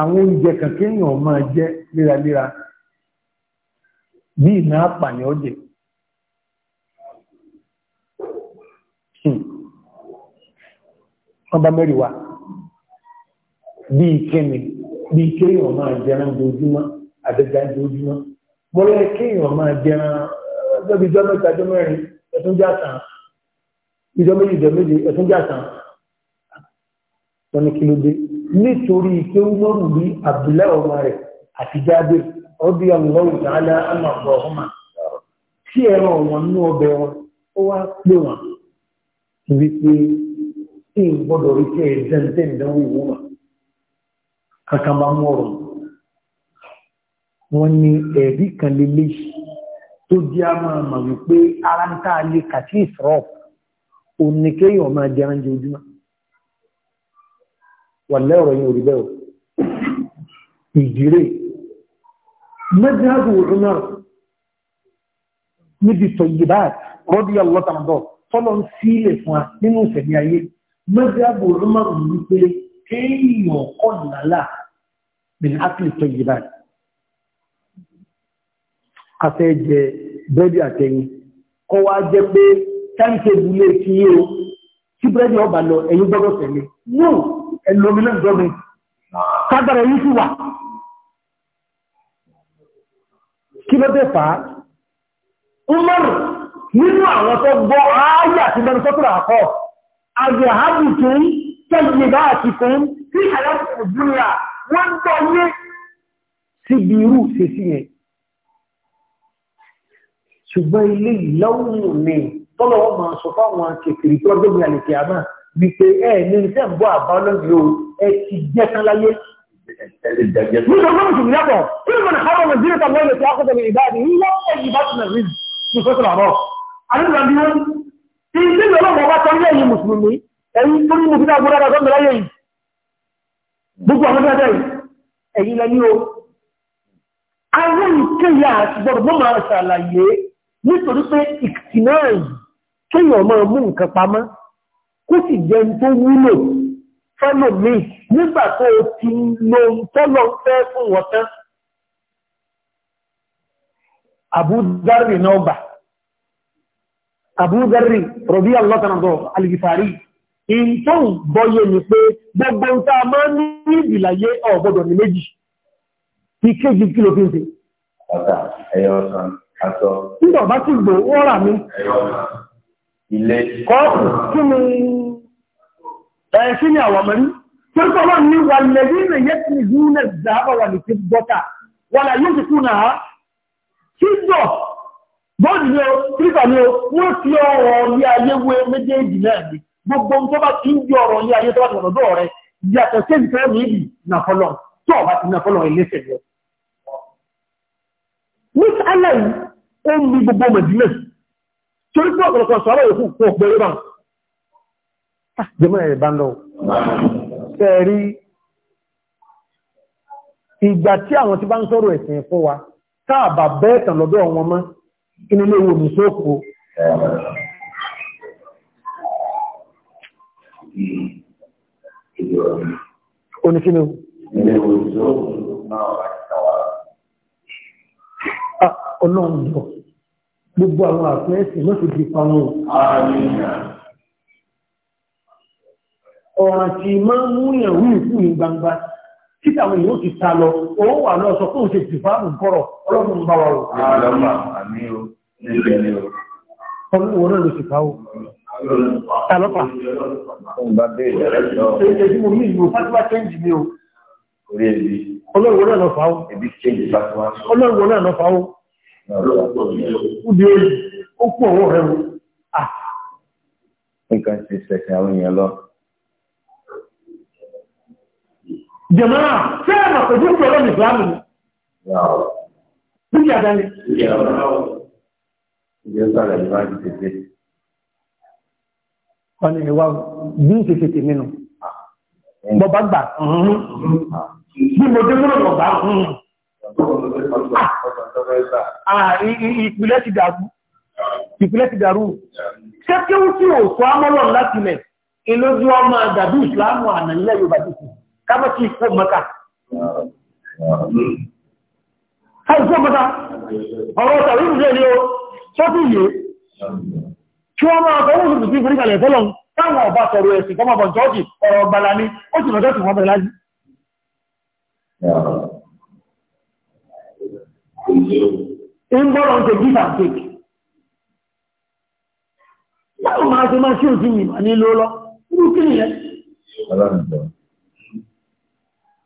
àwọn oúnjẹ kàkẹ́ èèyàn máa jẹ́ léraléra bí iná àpàyàn ọ̀jẹ̀ hmm. wọ́n bá mẹ́rin wa bí ìkẹ́mi bí kéèyàn máa jẹran dojúmọ́ àdẹ́gá dojúmọ́ bọ́lá kéèyàn máa jẹran lọ́bí ìjọ mẹ́ta ìjọ mẹ́rin ẹ̀tún jàtàn ìjọ méjì ìjọ méjì ẹ̀tún wọ́n ní kí ló dé nítorí pé umaru rí abdullahi ọmọ rẹ̀ àti jáde ọdí ọlọ́run tààlà àmàbọ̀ ọmọ tí ẹ̀rọ wọn ní ọbẹ̀ wọn ó wá wọn wípé tí n gbọ́dọ̀ rí kí ẹ dẹ́ntẹ́ ìdánwò ìwúwà kankan bá wọn ni ẹ̀rí kan lélẹ́yìí tó jẹ́ a máa wípé ara ń tá a lè kà sí òun kéèyàn máa wà lẹ́rọ̀ yìí orí bẹ́ẹ̀ ìdíré mẹ́jáàbù Umar níbi tọ̀yìbá rọ́dí ọlọ́tàmọ́dọ̀ tọ́lọ́ ń sílẹ̀ fún wa nínú ìsẹ̀mí ayé mẹ́jáàbù Umar wípé kéèyàn kọ́ nàlá min akli tọ̀yìbá afẹ́jẹ bẹ́ẹ̀dì àtẹ̀yìn kọ́ wá jẹ́ pé táìkèbù lè fi yé o tí bẹ́ẹ̀dì ọba lọ ẹ̀yìn gbọ́dọ̀ tẹ̀lé no ẹlòmílẹ̀ ìjọmi kágbàrà yìí sí wà kí ló dé fà á Umar nínú àwọn tó gbọ́ ayé àti mẹ́rin sọ́tùrà àkọ́ àgbẹ̀hábù tó ń tẹ́gbẹ̀ bá àti kò ń tí àyàtọ̀ ìdúnlá wọ́n tọ́ yé síbi irú ṣe sí yẹn ṣùgbọ́n ilé ìlọ́wùn ní tọ́lọ́wọ́ máa sọ fáwọn kèkèrè tó gbẹ̀gbẹ̀ àlèkè àmáà wípé ẹ ní iṣẹ́ ń bọ́ àbá ọlọ́run yóò ẹ ti jẹ́ tán láyé. Nígbà tó ń sùn yàtọ̀, kí ló máa hábọ̀ mọ̀ zero tàbí ọ̀lẹ̀ tí a kọ́ tẹ̀lé ìbáàdì ní wọ́n ẹ̀ yìí bá ti nà rìn ní kó sọ̀rọ̀ àbọ̀. Àdúgbò àbí wọn ti ń tí ìlọ́wọ́ ọba tán ní ẹ̀yìn mùsùlùmí, ẹ̀yìn tó ní mùsùlùmí àgbọ̀dá àgbà sọ́mọ láyé yìí. Gbogbo àwọn ọmọdé ẹ̀yìn lẹ́ni o. Àwọn ìkéyà àti gbọ́dọ̀ máa ṣàlàyé nítorí pé ìkìtìnáà kéèyàn máa mú nǹkan pamọ́ ó sì jẹ́ ní tó wúlò fọ́nà mi nígbà tó o ti lo tọ́lọ̀ fẹ́ fún wọn tán àbúdárì náà bà àbúdárì rọ̀bí alọ́tànàdọ̀ alìgìfàrí ìntọ́hùn bọ́yẹ ni pé gbogbo ń tá máa ní ìbìlàyé ọ̀gbọ́dọ̀ ní méjì ìkéjì kí ló fi ń fi ọ̀tà ti gbò wọ́n rà mí ilé kọ́ọ̀kù kí ni ẹ̀ṣí ni àwọn mẹ́rin tó sọ́wọ́n ní wà lẹ́rí rẹ̀ yẹ́ ti rú nẹ̀ záàbà wà ní ti bọ́ta wà là yóò ti kú náà á kí jọ bọ́ọ̀dì ni ó kíríkà ni ó wọ́n ti ọ̀rọ̀ ní ayé wé méjèèjì náà ni gbogbo tó bá ti ń di ọ̀rọ̀ ní ayé tó bá ti wọ̀dọ̀ dọ̀ rẹ̀ yàtọ̀ sí ìfẹ́ mi ìlú nàfọlọ̀ tó ọba ti nàfọlọ̀ iléeṣẹ́ rẹ̀. ní jẹmọ́ ẹ̀rẹ̀ bá ń lọ tẹ́ẹ̀rí ìgbà tí àwọn tí bá ń sọ̀rọ̀ ẹ̀sìn fún wa káàbà bẹ́ẹ̀tàn lọ́dọ̀ wọn mọ́ ah, ọlọ́run jọ gbogbo àwọn mọ́sí àmì ọ̀ràn tí máa ń múyàn wí fún ní gbangba tí àwọn èèyàn ti sá lọ owó wà náà sọ fún òṣèlú fáàmù kọ̀rọ̀ ọlọ́run bá wa rò. ọlọ́mà àmì o níbẹ̀ ni o. ọlọ́run wọn náà ló sì fà ó. tàlọ́pà. ọba bẹ́ẹ̀ ìdára jọ. ṣe ṣe mo mí ìlú fásitì chẹ́ǹjì mi ọlọ́run náà lọ fà ó. ọlọ́run náà lọ fà ó. ó di ó kú ọwọ́ rẹ o. Ah. nǹkan ti ṣẹ̀ṣẹ̀ àwọn èèyàn lọ. jẹ̀máà fẹ́ẹ̀mà pẹ̀lú ìpẹ̀lú ìsìlámù ni dúkìá dání. wọ́n ní ìwà bí ṣe ṣe tèmi nù bọ́bá gbà hmm. bí mo dé múlò lọ́gbà hmm. ah. ah, ìpìlẹ̀ ti dàrú ìpìlẹ̀ ti dàrú ṣé kí ó tí ò sọ ámọ́lọ̀ láti lẹ̀ ìlójú ọmọ àdàbí ìsìlámù àná ilẹ̀ Yorùbá ti ká má ti kó mọ́ta. ká ìkó mọ́ta ọ̀rọ̀ tàbí ìrìnlẹ̀ ni ó tó tí yé kí wọ́n máa tọwọ́ sí ti fúrí kalẹ̀ fọ́lọ́n táwọn ọba sọ̀rọ̀ ẹ̀sìn kọ́mọ̀ bọ̀ jọ́ọ̀jì ọ̀rọ̀ ọ̀gbàlà ni ó sì lọ́jọ́ tí wọ́n bẹ̀rẹ̀ lájú. ń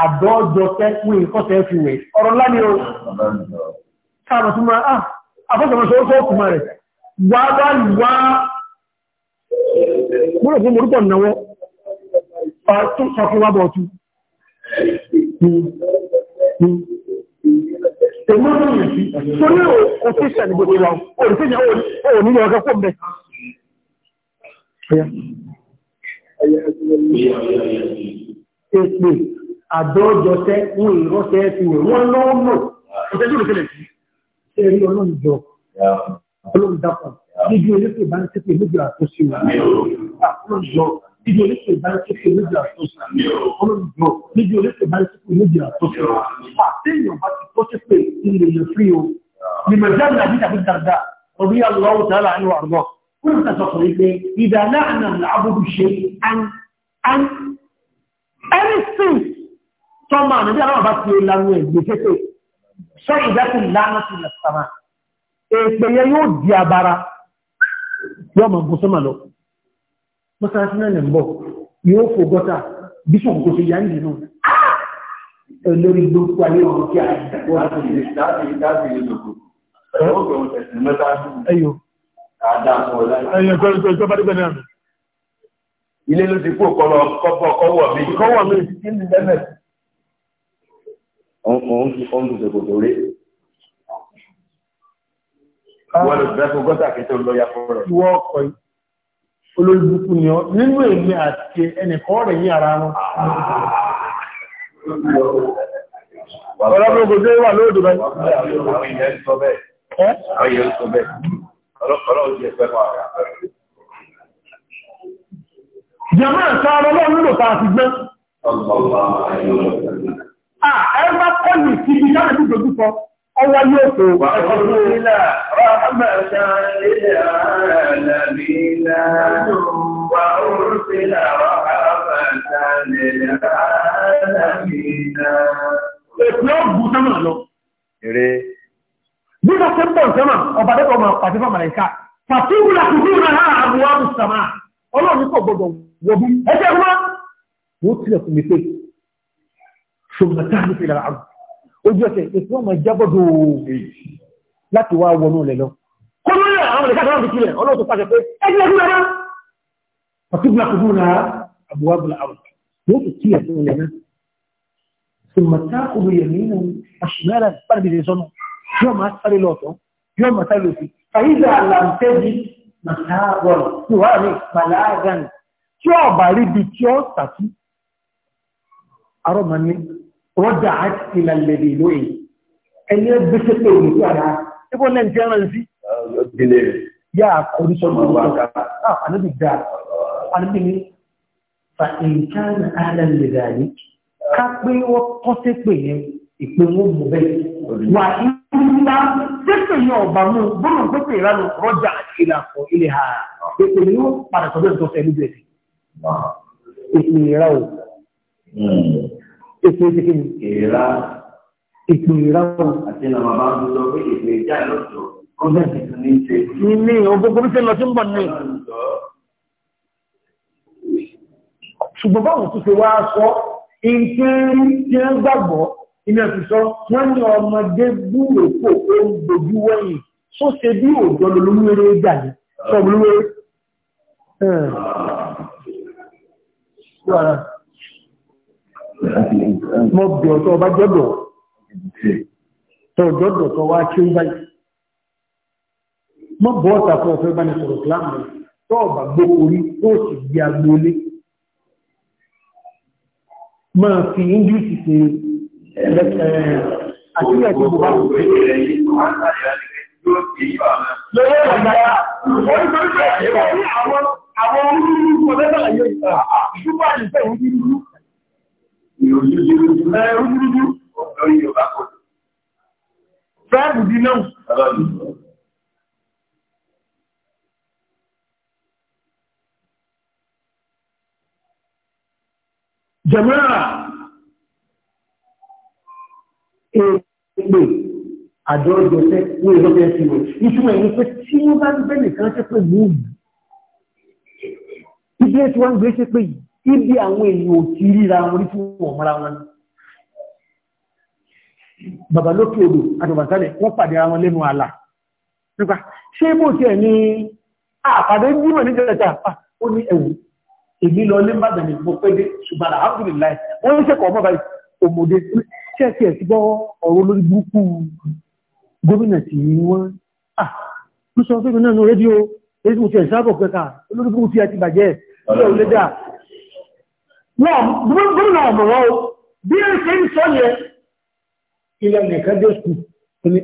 àdọ́jọ tẹ́kùn ìkọ́tẹ́ fi wẹ̀ ọ̀rọ̀ láni o káàmà tún máa ah afọ́sọ̀mọ́sọ̀ ó sọ́ọ̀kù máa rẹ̀ wà bá wà múrò fún morúkọ̀ náwọ́ tó wà bọ̀ tú Èpè àdọ́jọsẹ́ wọn ìrọ́sẹ́ ti wẹ̀ wọ́n lọ́wọ́ mọ̀ ọ̀sẹ̀ tó lè ṣẹlẹ̀ sí ẹ̀rí ọlọ́njọ ọlọ́ndàpọ̀ níbi oníṣẹ́ ìbánisẹ́pè méjì àtúnṣe ọlọ́njọ níbi oníṣẹ́ ìbánisẹ́pè méjì àtúnṣe ọlọ́njọ níbi oníṣẹ́ ìbánisẹ́pè méjì àtúnṣe àtẹ̀yìn ọba ti tọ́ṣẹ́ pé ilé yẹn fi o mímọ̀ jáde àbí tàbí dàgbà ọdún yà lọ́wọ́ tààlà àánú àrùbọ̀ wọ́n ti sọ pé pé ìdá náà nà ábùdù anything tọ́mọ àná bí aláwọ̀ bá ti lanu ẹ̀ gbèsèsè sọ ìdákù lánà sí ilẹ̀ sàmà èpè yẹn yóò di abara yóò mọ̀ bó sọ́mà lọ mọ́sálásí náà lẹ̀ ń bọ̀ yóò fò gọ́tà bíṣọ̀ kò sí yá nìyí náà ah! olórí gbogbo ayé wọn kí a wọ́n á ti lè dáàbì dáàbì lòkù ọgbọ̀n ẹ̀sìn mẹ́ta ẹ̀yọ àdàpọ̀ ọ̀la ẹ̀yọ tó tó tó bá dé bẹ̀rẹ̀ àmì ilé ló ti kó kọ́ lọ kọ́ bọ̀ kọ́wọ̀ mi kọ́wọ̀ mi òun ti ṣòkòtò rí. Wọ́n lè bẹ́ fún gọ́tà kí tó lọ ya fún rẹ̀. Ìwọ ọkọ̀ yìí, olóògbùkú ni ọ, nínú èmi àti ẹnìkan rẹ̀ yí ara wọn. Ọlọ́pọ̀ ògbòdó wà lóòdó bẹ́ẹ̀. Àwọn ìyẹn sọ bẹ́ẹ̀. Àwọn ìyẹn sọ bẹ́ẹ̀. Ọlọ́pọ̀ ìyẹn sọ bẹ́ẹ̀. Jàmáà sára lọ́wọ́ nílò ta àti gbẹ́ ẹ bá kọ́ ní ìsìnkú jáde tó dojú kọ ọwọ́ yóò tó. Èpè ọ̀gbù sánmà lọ. Bí mo ṣe ń bọ̀ sánmà, ọba dẹ́kọ̀ ọmọ pàṣẹ fún Màlẹ́ká. Fàtíwù làkùnkù náà àbúwá bùsàmà. Ọlọ́run kò gbọdọ̀ wọ̀bí. Ẹ jẹ́ wá. Wọ́n tilẹ̀kùn mi pé ṣùgbọ́n táàmù ìlà àrùn ojú ọ̀sẹ̀ ètò ọmọ ìjábọ̀dọ̀ láti wá wọnú rẹ̀ lọ kọ́lọ́rẹ̀ àwọn ìlẹ̀ká tó wà fi kílẹ̀ ọlọ́tọ̀ pàṣẹ pé ẹgbẹ́ ẹgbẹ́ rẹ̀ ọ̀tíbùlà kò dúró náà àbúwábùlà àrùn yóò sì kílẹ̀ fún ilẹ̀ náà ṣùgbọ́n táàkùn yẹ̀mí nù àṣìmára pàdébìlẹ̀ sọ́nà yóò máa sáré lọ́ọ̀tọ̀ yóò máa sáré lọ́ọ̀tọ̀ fàyíṣà àlàǹtẹ́jì màtáwọ̀n ní wàá ní màláàgàn tí ọ̀bà rí bi tí ó tàkí arọ́mọ ní rọ́dàát ilà lèdè lóyìn ẹni ẹgbẹ́ sẹ́pẹ̀ òmùtú àdá ẹgbọ́n náà jẹ́ ẹran sí yà kọ́díṣọ́nù ọ̀gá ànábì dá ànábì ní fa ìkànnì àdá lèdè àní ká pé wọ́n tọ́ sẹ́pẹ̀ yẹn ìpè wọn mú bẹ́ẹ̀ wà nígbà sẹ́pẹ̀ yẹn ọ̀bà mú bọ́lá pẹ́pẹ́ ìlànà rọ́dàát ilà fún ilé ha èpè ni wọ́n padà sọ́dọ̀ ìtọ́sẹ̀ ẹni bẹ̀rẹ̀ ìpè èpè ìdíkì ni. èèrà. èpè ìrà o. àti ìlànà bàbá ń sọ pé èpè ìjà lọ́sọ̀ ọgbẹ́ ìtàn ní ṣe. ilé ògbógbó bí ṣe lọ sí ń bọ̀ ní. ṣùgbọ́n báwọn tún ṣe wá sọ ìkírí tí wọ́n gbàgbọ́ ilé ẹ̀sìn sọ wọ́n ní ọmọdé búrò kó o ń dojú wẹ̀yìn só ṣe bí òòjọ́ lolúwere gbà ní sọ olúwere mo bẹ̀ ọ̀tọ́ ọba jọ́dọ̀ tọ́ jọ́dọ̀ tọ́ wá kí ó báyìí mọ́ bọ́ ọ̀tà fún ọ̀fẹ́ bá ní sọ̀rọ̀ láàmù tọ́ ọ̀bà gbó orí tó sì gbé agbóolé máa fi english ṣe àtúnyẹ̀ tó bá Ojúdúdú lórí Yorùbá kò. Fẹ́ẹ̀bù bí náà. Jẹ̀mọ́ra èèpè àjọ ìjọsẹ́ ní ìjọsẹ́ sí rẹ̀. Ìtumọ̀ ẹ̀yìn pé tí wọ́n bá ń bẹ́ẹ̀ nìkan ṣe pé mú yìí. ẹ̀ tí wọ́n ń gbé ṣe pé yìí ibi àwọn èèyàn ò ti ríra wọn rí fún ọmọra wọn bàbá lókè odò àtọ̀bàtálẹ̀ wọ́n pàdé ara wọn lẹ́nu àlà nípa ṣé bó ti ẹ̀ ní àpàdé gbímọ̀ ní jẹ́ta ó ní ẹ̀wù èmi lọ lé mbàdàn ní mo pẹ́dé ṣùgbọ́n alhamdulillah wọ́n ń ṣẹ́kọ̀ọ́ mọ́ba òmòdé ṣẹ́ẹ̀kì ẹ̀sì gbọ́ ọ̀rọ̀ lórí burúkú gómìnà tí wọ́n à ń sọ fún mi náà rédíò èyí tí mo ti ẹ̀ sábọ̀ pẹ́ka olórí burúkú ti àti bàjẹ́ ọlọ́run lẹ́dà gómìnà ọ̀mọ̀wọ́ bí i ṣe ń sọ yẹ ilẹ̀ nìkan dé skù ní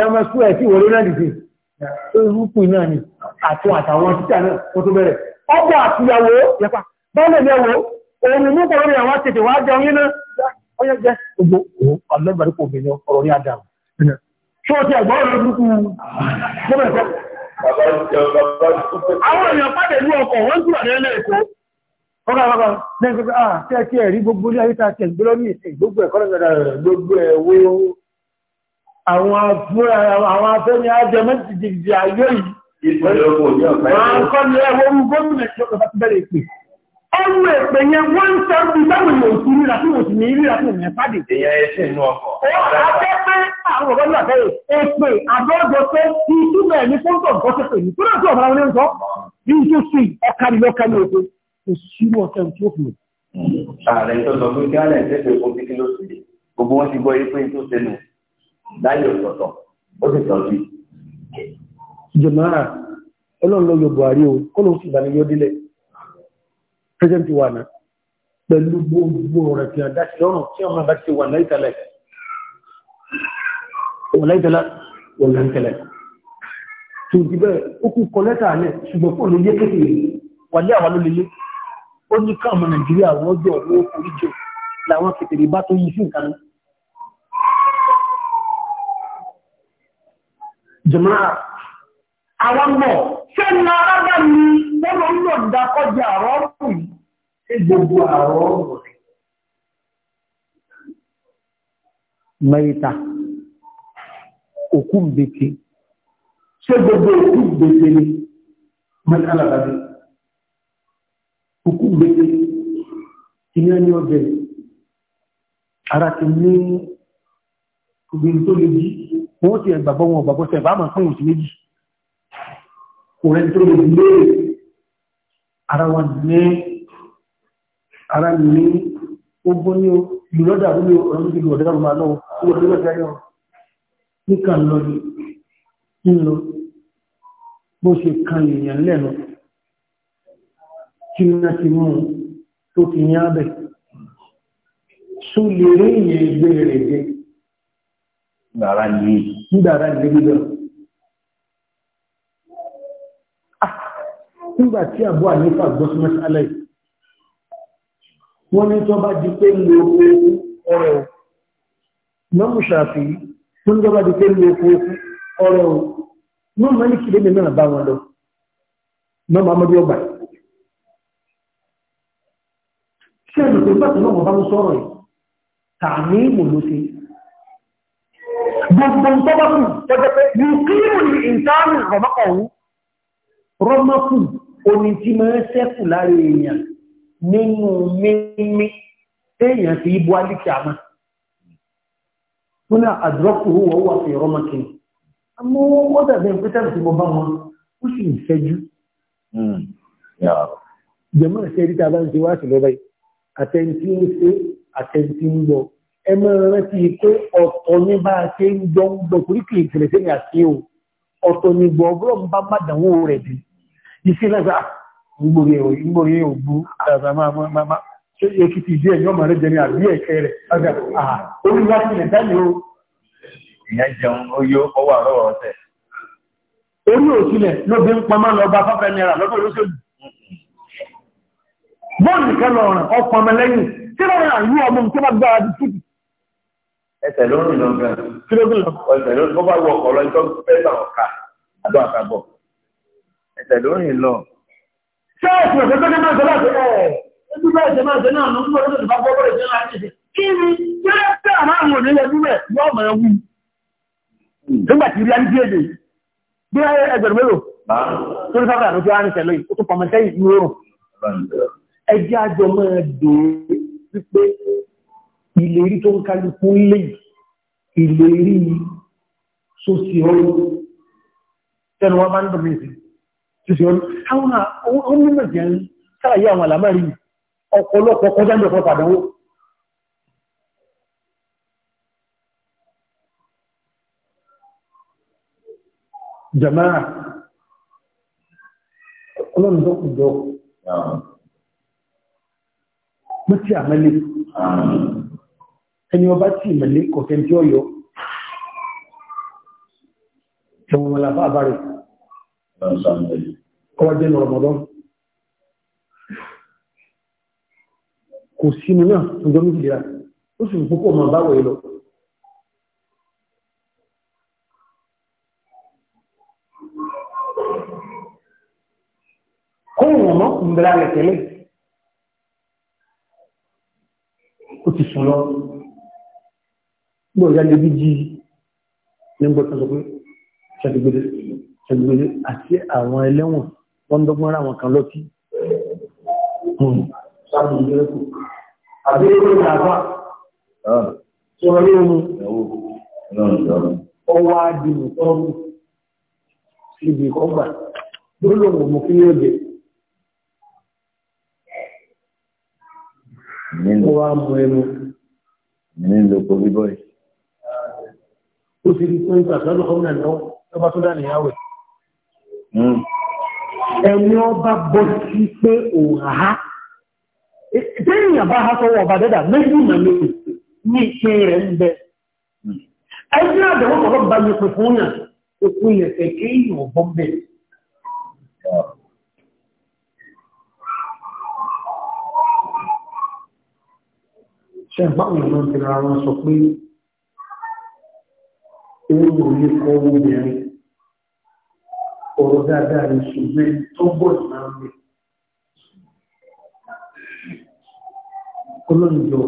ẹmọ skù ẹ̀ tí náà dìde orúkú náà ni àti àtàwọn títà náà wọ́n tó bẹ̀rẹ̀ ọgbọ̀ àtìyàwó yẹpa bọ́ọ̀lẹ̀ mẹ́wọ́ òun mú lórí àwọn tètè náà ọyẹ jẹ gbogbo òun kò bẹ̀rẹ̀ ọ̀rọ̀ ní adam àwọn èèyàn pàdé ní ọkọ̀ wọ́n ní ọgbàgbà lẹ́gbẹ̀ẹ́ ah, àti ẹ̀rí gbogbo ní àríta àti ẹ̀gbẹ́lọ́ ní ìsìn gbogbo ẹ̀kọ́ lẹ́gbẹ̀rẹ̀ gbogbo ẹ̀wọ́ àwọn afẹ́ni ajẹmẹ́tì jìjì ayé yìí Ọrùn èpè yẹn wọ́n ń sọ bí báwọn yóò tún rí láti òsì ní ilé àti ìrìn pàdé. Èyàn ẹ̀ṣẹ́ inú ọkọ̀. Ó àtẹ́pẹ́ àwọn ọ̀gọ́ ní àtẹ́yẹ, èpè àgọ́gọ́ pé ìtúbẹ̀ ní fóńtọ̀ ọ̀gọ́ kò sírú ọ̀tẹ̀ tí ó fún mi. ààrẹ tó sọ pé kí alẹ́ ìṣẹ́fẹ̀ fún kíkí ló sì gbogbo wọn ti gbọ́ yí pé tó sẹnu láyé ọ̀tọ̀ọ̀tọ̀ ó sì tọ́jú. jọ̀mára ọlọ́run ló buhari o kó ló sì bani yọ délẹ̀ pẹ́sẹ́ntì wà náà pẹ̀lú gbogbo ọ̀rẹ́ tí a dá sí lọ́rùn tí ọmọ bá ti wà láì tẹ́lẹ̀ wọ́n láì tẹ́lẹ̀ tó ti bẹ́ẹ̀ ó kú kọ lẹ́tà alẹ́ ṣùgbọ́n fóònù yé kékeré wà lé àwọn lólelé ó ní ká ọmọ nàìjíríà rọ́jò ló forí jọ làwọn kẹtẹ̀rẹ̀ bá tó yí sí nǹkan. jọmọ́ra àwọn mọ̀ sẹ́nu arábà ni wọ́n ń lọ da kọjá àrọ́ọ̀rù yìí gbogbo àrọ́ọ̀rù rẹ̀. mẹ́ta òkú gbèké ṣé gbogbo òkú gbèké ni mẹ́ta làbàbí kúkú gbélé kìíní ẹni ọbẹ̀ ara ti ní obìnrin tó lè jí wọ́n ti ẹgbàgbọ́ wọn ọ̀gbàgbọ́ sẹ̀ bá mọ̀ fún òsì méjì òrẹ́ni tó lè lé ara wọn ní ara ní ogun ní ìlọ́dà ní ọ̀rọ̀ ìlú ọ̀dẹ́gbà máa lọ́wọ́ owó ọdún ọ̀dẹ́gbà yọ níkan lọ ní lọ bó ṣe kan èèyàn lẹ́nu tí wọ́n ti mú tó ti yán bẹ̀. Ṣó lè rí ìyẹn ẹgbẹ́ rẹ̀ jẹ́? Gbàrá ní gbàrá ní gbígbà. Ah, nígbà tí àbúrò ànífà gbọ́ sí mẹ́sàlẹ̀, wọ́n ní tó bá di pé lo ọ̀rọ̀ mọ́mù ṣàfi tó ń jọba di pé lo ọ̀rọ̀ mọ́mù mẹ́lìkì lé mi náà bá wọn lọ. Mọ́mù amọ́dé ọgbà pé bàtà náà wọ́n bá ń sọ̀rọ̀ yìí tààmì ìmòlò sí gbogbo tó bá kù tẹ́gbẹ́ pé yùkíìmù ní ìtààmì rọ̀mọ́kọ̀ọ́wú rọ́mọ́kù omi tí máa sẹ́kù láàrin èèyàn nínú mímí téèyàn fi ibú alíkì àmà fúnà àdúrọ́kù wọ́n wà fi rọ́mọ́kì àmọ́ wọ́n dàbí ẹ̀pẹ́tẹ́ tí mo bá wọn ó sì ń fẹ́jú hmm. jẹ̀mọ́ ìṣẹ́rí tí bá ń ṣe wá sí lọ́bàá àtẹ̀ntì ń ṣe àtẹ̀ntì ń gbọ́ ẹ máa rántí pé ọ̀tọ̀ ní bá a ṣe ń gbọ́ ń gbọ́ torí kì í tẹ̀lé sẹ́yìn àṣẹ o ọ̀tọ̀ ní gbọ́ ọ̀bọ̀rọ̀ ah, ń bá má dànwó rẹ̀ bí iṣẹ́ náà sà ngbòrí ẹ̀ ngbòrí ẹ̀ ògbú àgbà máa máa máa ṣe èkìtì ìdí ẹ̀ yọ́mọ̀ rẹ̀ jẹni àbí ẹ̀kẹ́ rẹ̀ àgbà orí wá sílẹ̀ dání o. ìyá jẹun ó yó ọwọ́ àrọ́ ọ̀tẹ̀. orí òsílẹ̀ ló fi ń nǹkan lọ ràn ọkọ̀ ọmọ lẹ́yìn tí lọ́rọ̀ àyú ọmọ nǹkan bá gbára di túbù. ẹsẹ̀ ló ń rìn lọ gan. kí ló ń lọ. ẹsẹ̀ ló ń bọ́ bá wọ ọkọ̀ lọ ní tọ́jú fẹ́ gbà ọ̀ka àdó àtàbọ̀. ẹsẹ̀ ló ń rìn lọ. ṣé ẹ̀sìn ọ̀sẹ̀ tó ní máa ń láti ẹ̀ ẹ̀ ẹ̀dú bá ẹ̀sẹ̀ máa ń sọ náà ló ń gbọ́ lọ́dọ̀ bá gbọ́ bọ́ọ̀lù ìṣẹ́ láti ṣe kí ẹjẹ́ àjọ máa dòó wípé ìlérí tó ń kálukú lè ìlérí sosiọ́lù tẹnu wọn bá ń dọ̀mí sí sosiọ́lù àwọn àwọn mímọ̀ jẹ́ ń sáàyé àwọn àlàmárì ọ̀pọ̀lọpọ̀ kọjá ní ọ̀pọ̀ pàdánwò jama'a ọlọ́run dọ́kùdọ́kù mọ́tí àmẹ́lẹ́ ẹni ọba tí ìmẹ̀lẹ́ kọ̀kẹ́ tí ọyọ́ ẹwọ̀n wọn làbá àbárẹ̀ ọwọ́ jẹ́ nà ọmọdán kò sínú náà ọjọ́ méjìlá ó sì púpọ̀ ma báwọ̀ ìlọ kọ́rùn-ún ọmọ kùnbẹ̀rẹ̀ alẹ̀ tẹ́lẹ̀ sùn lọ gbọ́dọ̀ yálé bí jí ní gbọ́dọ̀ sọ pé ṣàdìgbèdè ṣàdìgbèdè àti àwọn ẹlẹ́wọ̀n wọ́n dọ́gbọ́n ra àwọn kan lọ́tí ọwọ́ adìmù tọ́rù síbi kọgbà lólòwò mú kí ní ọjẹ́ ọwọ́ amú ẹnu ní lóko bíbọ yìí. ó ti rí pé ìgbàgbọ́ lọ́kọ́ náà lọ́wọ́ tó bá tó dá níyàwó ẹ̀. Hmm. ẹ̀wọ̀n ọba bọ́ sí pé òun àhá. Tẹ́yìn àbá ha sọ́wọ́ ọba dẹ́dà méjì nà méjì ní ìṣe rẹ̀ ń bẹ. Ẹgbẹ́ àdàwọ̀ kọ̀ọ̀kan bá yẹ pẹ̀ fún yàn, òkú yẹ̀ fẹ̀ kéèyàn ọ̀bọ̀n bẹ̀rẹ̀. ṣe báwọn ìlú ti ra wọn sọ pé òun ò lè kọ obìnrin ọ̀rọ̀ dáadáa ní ṣùgbọ́n tó bọ̀ náà lè olóòjọ́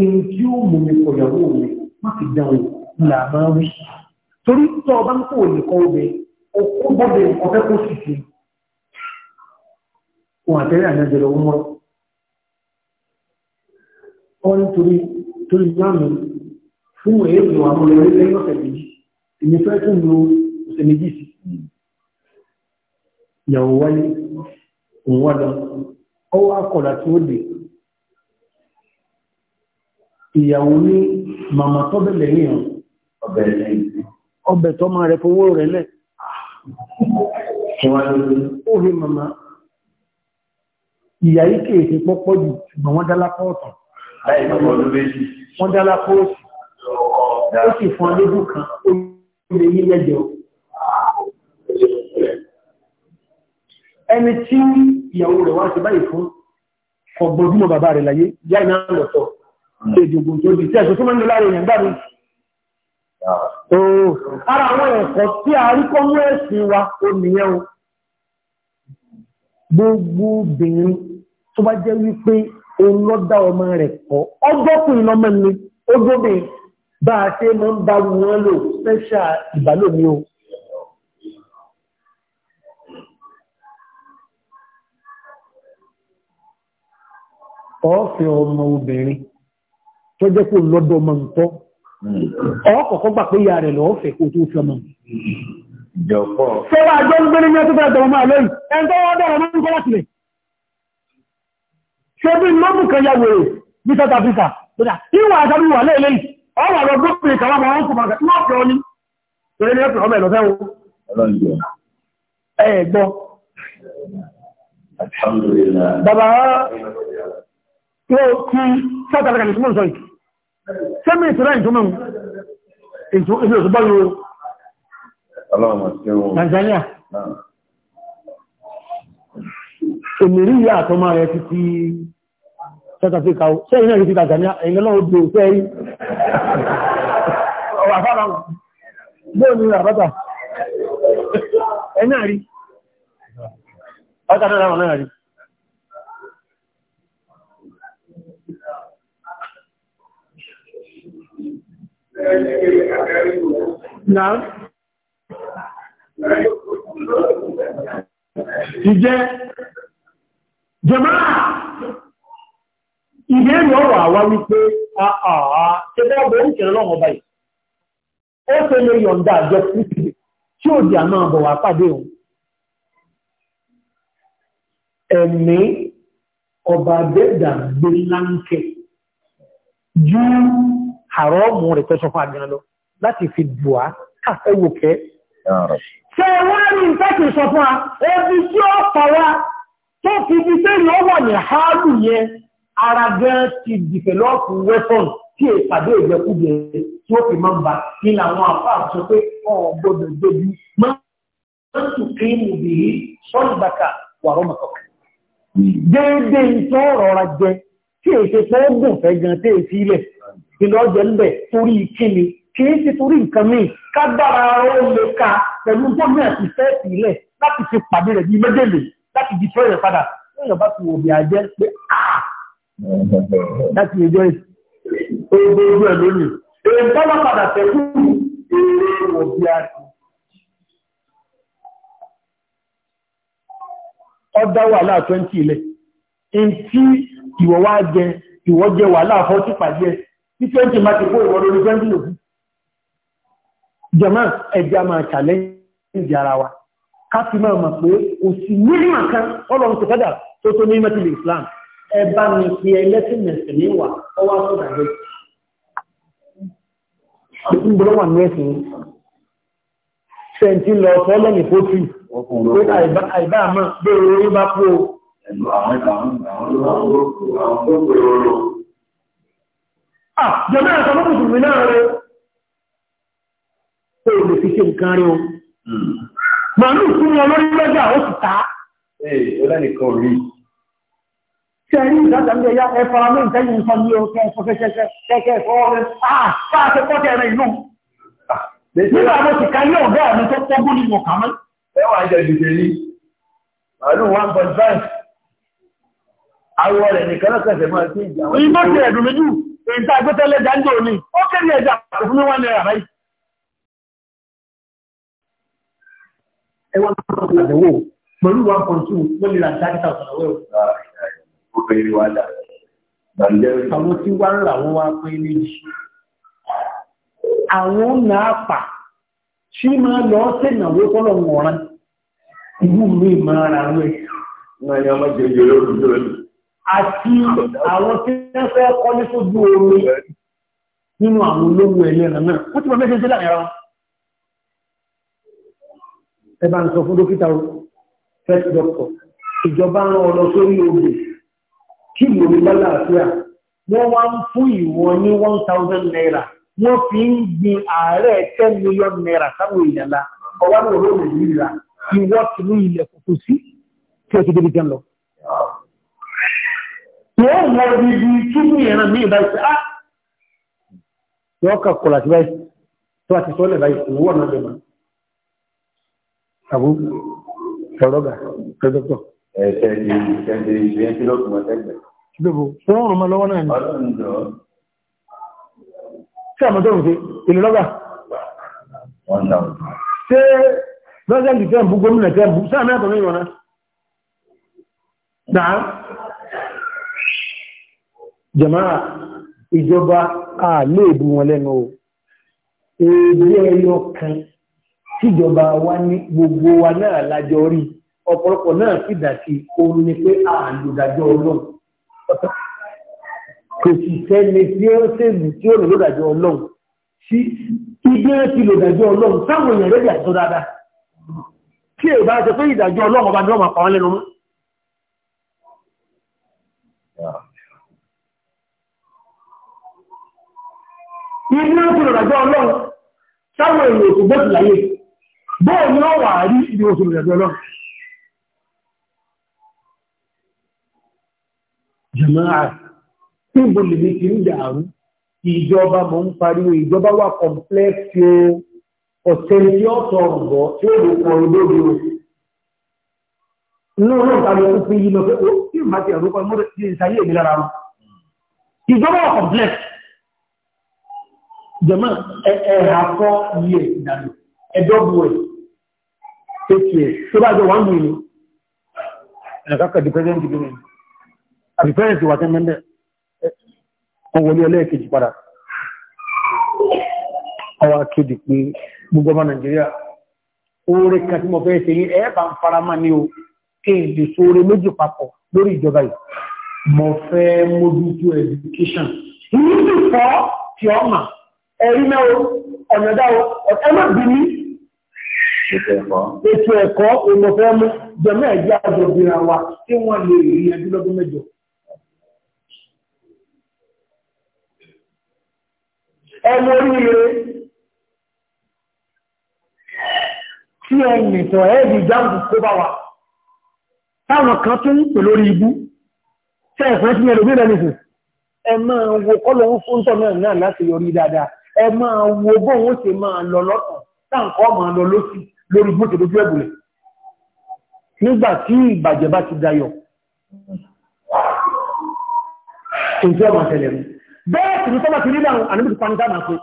èyí tí ó mú mi kọ ìyàwó mi má ti dáhùn là máa wí torí tó ọba ń kó òní kọ obìnrin ó bọ́dẹ̀ ọ̀fẹ́ kó sì sí wọn àtẹ́rẹ́ àyájọ́ lọ́wọ́ mọ́rọ́ wọ́n nítorí torí yáàmù fún èèyàn àwọn ọmọlẹ́rẹ́ lẹ́yìn ọ̀sẹ̀ méjì èmi fẹ́ tún lo ọ̀sẹ̀ méjì sí ìyàwó wáyé òun wá lọ ọwọ́ akọ̀lá tí ó dé ìyàwó ní màmá tọ́bẹ̀ lẹ́yìn ọbẹ̀ jù ṣùgbọ́n wọ́n dá lápá ọ̀tàn láì lọ́wọ́ ọdún méjì. wọ́n dá lápò òsì ó sì fún ọlọ́dún kan ó lè yí lẹ́jọ́. ẹni tí ìyàwó rẹ̀ wá sí báyìí fún ọgbọ̀dúnmọ̀ bàbá rẹ̀ láyé yá iná lọ̀tọ̀ lè dùgbùn tó di tí ẹ̀sùn tó máa ń lọ láàrin ìyàgbá mi. ara a rí kọ́ mú ẹ̀sìn wa ó nìyẹn o gbogbo òun lọ dá ọmọ rẹ̀ kọ́ ọgbọ́kùnrin lọ́mọ ni ó gbóbe bá a ṣe mọ́ ń bá wọn lò fẹ́ṣà ìbálò o. ọ̀ọ́fẹ́ ọmọ obìnrin tó jẹ́ kó lọ́dọ̀ ọmọ nǹtọ́ hmm. ọ̀ọ́kọ̀ọ́kọ́ gbà pé ìyá rẹ̀ lọ́ọ́fẹ́ kó tó fi ọmọ Jọ̀pọ̀. Sọ́wọ́ àjọ ń gbé ní ẹjọ́ tó ṣe bí mọ́mù kan ya wèrè ní South Africa bọ́dá ìwà àtàrí wà lẹ́ẹ̀lẹ́ ọwà lọ gómìnà kàwà máa ń kò máa ń pọ̀ ní torí ní ẹ̀pẹ̀ ọmọ ẹ̀lọ́fẹ́ wo ẹ̀ gbọ́ bàbá tó kí South Africa ní súnmọ́ sọ́yì ṣe mí ìtura ìtumọ̀ ìlú òṣùgbọ́n yóò Tanzania èmìrí ìyá àtọmọ rẹ̀ ti ti South Africa ó sẹ́yìn náà rí ti Tanzania ẹ̀yìn lọ́wọ́ ojú òfẹ́ rí ọ̀rọ̀ àfáàrà wọn bóò ní àbátà ẹ̀nà rí ọ̀tà náà wọn jẹmáà ìbéèrè ọ̀rọ̀ àwa wípé àà tẹ́bẹ́ ọgbọ̀ oúnjẹ lọ́wọ́ báyìí ó fẹ́ lè yọ̀ǹda àjọ pípẹ̀ tí ó di àmà àbọ̀ wà pàdé ohun ẹ̀mí ọba dẹ́dà gbé láńkẹ ju àrọ́mù rẹ̀ tẹ́sọ fún àgbẹ̀rẹ̀ lọ láti fi dùá káfẹ́ wòkẹ́ Ṣé wọ́n rí ìfẹ́ kìí sọ fún wa, ebi tí ó pa wá tó fi bí sẹ́yìn ọwọ́ ní hálù yẹn ara gan ti dìfẹ̀lọ́pù wẹ́fọ̀n tí ìpàdé ìjẹkújẹ tí ó fi máa ń bá kí làwọn afá sọ pé ọ̀gbọ́dọ̀ gbẹ́bí máa ń tún kí mú bí sọ́ọ̀bàkà wàrọ̀ mọ̀tọ̀. déédéé ń tọ́ ọ̀rọ̀ ra jẹ tí èsè tó gùn fẹ́ gan tí èsì ilẹ̀ ìlọ́jẹ̀ ń bẹ̀ torí kíni kìí ti torí nǹkan míì ká dára ó lè ka pẹ̀lú gómìnà ti fẹ́ẹ̀sì ilẹ̀ láti fi pàdé rẹ̀ bíi méjèèjì láti di tọ́ ìrẹ̀ padà lẹ́yìn bá ti wò bí ajẹ́ pé áà ah! láti ìjọ ìgbé ojú ẹ̀ lónìí èyí tó bá padà tẹ̀kú èrè wò bí ajẹ́. ọdá wàhálà twenty ilẹ̀ ntí ìwọ wá jẹ ìwọ jẹ wàhálà forty pàdé tí twenty máa ti kó ìwọ lórí twenty lòkù jọmọ ẹja máa challenge ara wa. káti máa osimiri pé kò sí mílíọ̀n kan ọlọ́run tó fẹ́dà tó tó ní mẹ́tìlì Islam ẹ bá na fi ẹlẹ́sìn ní wà ọwọ́ àtúndàgbẹ́ ń bọ́lọ́ wà ní ẹ̀sìn sẹ́ǹtì lọ pé àìbá orí bá o. jọ̀dá ẹ̀ka màálù fún mi olórí lọ́jà ó sì ta. ee ọlọ́nìkan rí. ṣé ẹni ìdájà ń bẹ ya ẹ fara mọ́ ìdájọ́ nǹkan ní ọkẹ́ ẹ̀fọ́kẹ́kẹ́ kẹ́kẹ́ fọ́ọ́rẹ́ ah fáà ṣe pọ́kẹ́ rẹ̀ inú. Ah, nígbà mo sì ka ilé ọ̀gá mi tó pọ́gbó ní mọ̀ká mọ́. ẹ wà jẹ dìde rí màálù one point five awọ rẹ̀ nìkan náà kẹsẹ̀ máa ti ìjà. ìbọn ti ẹ̀dùn méjì èyí tá a gbé tẹ́lẹ̀ jáde òní ó kéré ẹja àkókò mi wá náírà báyìí. ẹwà lọ́pọ̀ àdẹ̀wò pẹ̀lú one point two wọ́n lè ra thirty thousand lọ́wọ́ ẹ̀. obìnrin wa dà àwọn tí wá ń rà wọ́n wá pé méjì àwọn náà pa ṣí máa lọ sẹ́nàwó tọ́lọ̀ wọ̀nrán ìlú mi máa ra rẹ̀. wọ́n ní ọmọ jẹjẹ lórí lórí. àti àwọn tí wọ́n fẹ́ kọ́ ní sójú omi nínú àwọn olówó ẹlẹ́ran náà wọ́n ti mọ mẹ́sẹ̀ẹ́sẹ́ láàrin ara wọn ẹ bá ń sọ fún dókítà o first doctor ìjọba ń rán ọ lọ sórí oògùn kí ló ń bá láàfíà wọ́n wá ń fún ìwọ̀n ní one thousand naira wọ́n fi ń gbin ààrẹ ten million naira sáwọn èèyàn la ọwọ́ ní òróró yìí rà ìwọ́ tìlú ilẹ̀ kòkó sí tí ó ti débi jẹun lọ. wọ́n mọ ibi tí ní ìran ní ìbáyìí sí á yọ ọkà kọlà sí báyìí tó a ti báyìí òwúwọ̀ náà lè máa àbú ẹ̀rọ́gà pẹ́dọ́tọ̀. ẹ̀ṣẹ̀ ti ṣẹ̀ṣẹ̀ ìṣẹ́ tí lọ́kùn wọn tẹ́gbẹ̀. gbogbo tí wọ́n rùn mọ́ lọ́wọ́ náà ni. ọlọ́run jọ. ṣé àmọ́ tó ń ṣe èlò lọ́gà. wọ́n dà ó. ṣé president tẹ́ ń bú gómìnà tẹ́ ń bú sáà mẹ́tọ̀ ní ìwọ̀nà. náà jàmáà ìjọba àléébù wọn o èdè tíjọba wa ní gbogbo wa náà lájọ rí ọ̀pọ̀lọpọ̀ náà sì dà sí ni pé àlòdàjọ́ ọlọ́run kò sì sẹ́ni tí ó ṣèlú tí ó lò lòdàjọ́ ọlọ́run sí ibi ó ti lòdàjọ́ ọlọ́run táwọn èèyàn rẹ̀ dàjọ́ dáadáa tí èèbá ṣe pé ìdàjọ́ ọlọ́run ọba ni wọ́n máa pa wọ́n lẹ́nu mú. ibi ó ti lòdàjọ́ ọlọ́run táwọn èèyàn ò sì gbọ́dọ̀ láyé bóò ní ọwà rí ibi oṣù ìrẹ̀bẹ̀ ọlọ́run jama'a tí mo lè ní kí ń dàrú ìjọba mọ̀ ń pariwo ìjọba wà kọ̀mplẹ́ksì ọ̀tẹ̀ tí ó sọ ọ̀gbọ̀ tí ó lè pọ̀ olóògbé o inú náà tàbí ó fi yí lọ pé ó tí ìmá ti ti ìsàyè mi lára wọn ìjọba wà kọ̀mplẹ́ksì jama'a ẹ̀ẹ̀hà yìí ẹ̀dọ́gbọ̀ ẹ̀ tẹ́tì ẹ̀ tó bá jọ wà ń wù ní ẹ̀kọ́kọ̀ dìpẹ́sẹ̀ntì gínú àdìpẹ́sẹ̀ntì wà tẹ́ mẹ́lẹ̀ wọ́n wọlé ẹlẹ́ẹ̀kejì padà ọwá kéde pé gbogbo ọmọ Nàìjíríà oore kan tí mo fẹ́ ṣe yín ẹ̀ẹ́bà ń fara máa ní o kí n lè sóore méjì papọ̀ lórí ìjọba yìí mo fẹ́ mójútó education ní ìfọ́ tí ọmọ ẹ̀rí mẹ́wọ́ ọ̀nàdá ẹ̀mọ́ bìíní ètò ẹ̀kọ́ olùfẹ́ mú jẹ̀mọ́ ẹ̀jẹ̀ àjọbìnrin wa tí wọ́n lè rí ẹdún lọ́dún mẹ́jọ. ẹnu oríire tí ẹ nìtọ̀ ẹ́ẹ̀dì jáàmù kó bá wa táwọn kan tún pè lórí ibú tẹ́ ẹ̀fẹ́ tí ẹlòmí rẹ̀ nìsìn ẹ máa wo kọ́lọ̀ ń fún tọ́ náà náà láti yọrí dáadáa ẹ máa wo bóun ó ṣe máa lọ lọ́tàn táǹkọ́ máa lọ lọ́sìn lórí gbókè lójú ẹ̀bùnlẹ̀ nígbà tí ìbàjẹ́ bá ti dayọ̀ tí ó máa tẹ̀lẹ̀ mú bẹ́ẹ̀ tí ní sọ́bà ti rí náà àníbì ti pàǹdà máa fún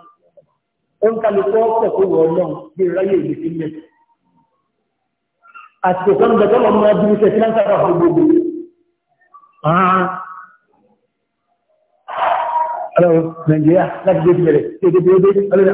ó ń kalẹ̀ pọ́ pọ̀ tó wọ ọlọ́run bí ráyè ìlú sí ilẹ̀ àti òkan ń gbẹ̀tọ́ lọ́mọ ẹbí ní sẹ́kí láńsá rà fún gbogbo Nàìjíríà láti dé ti bẹ̀rẹ̀ tí ó dé bí ó dé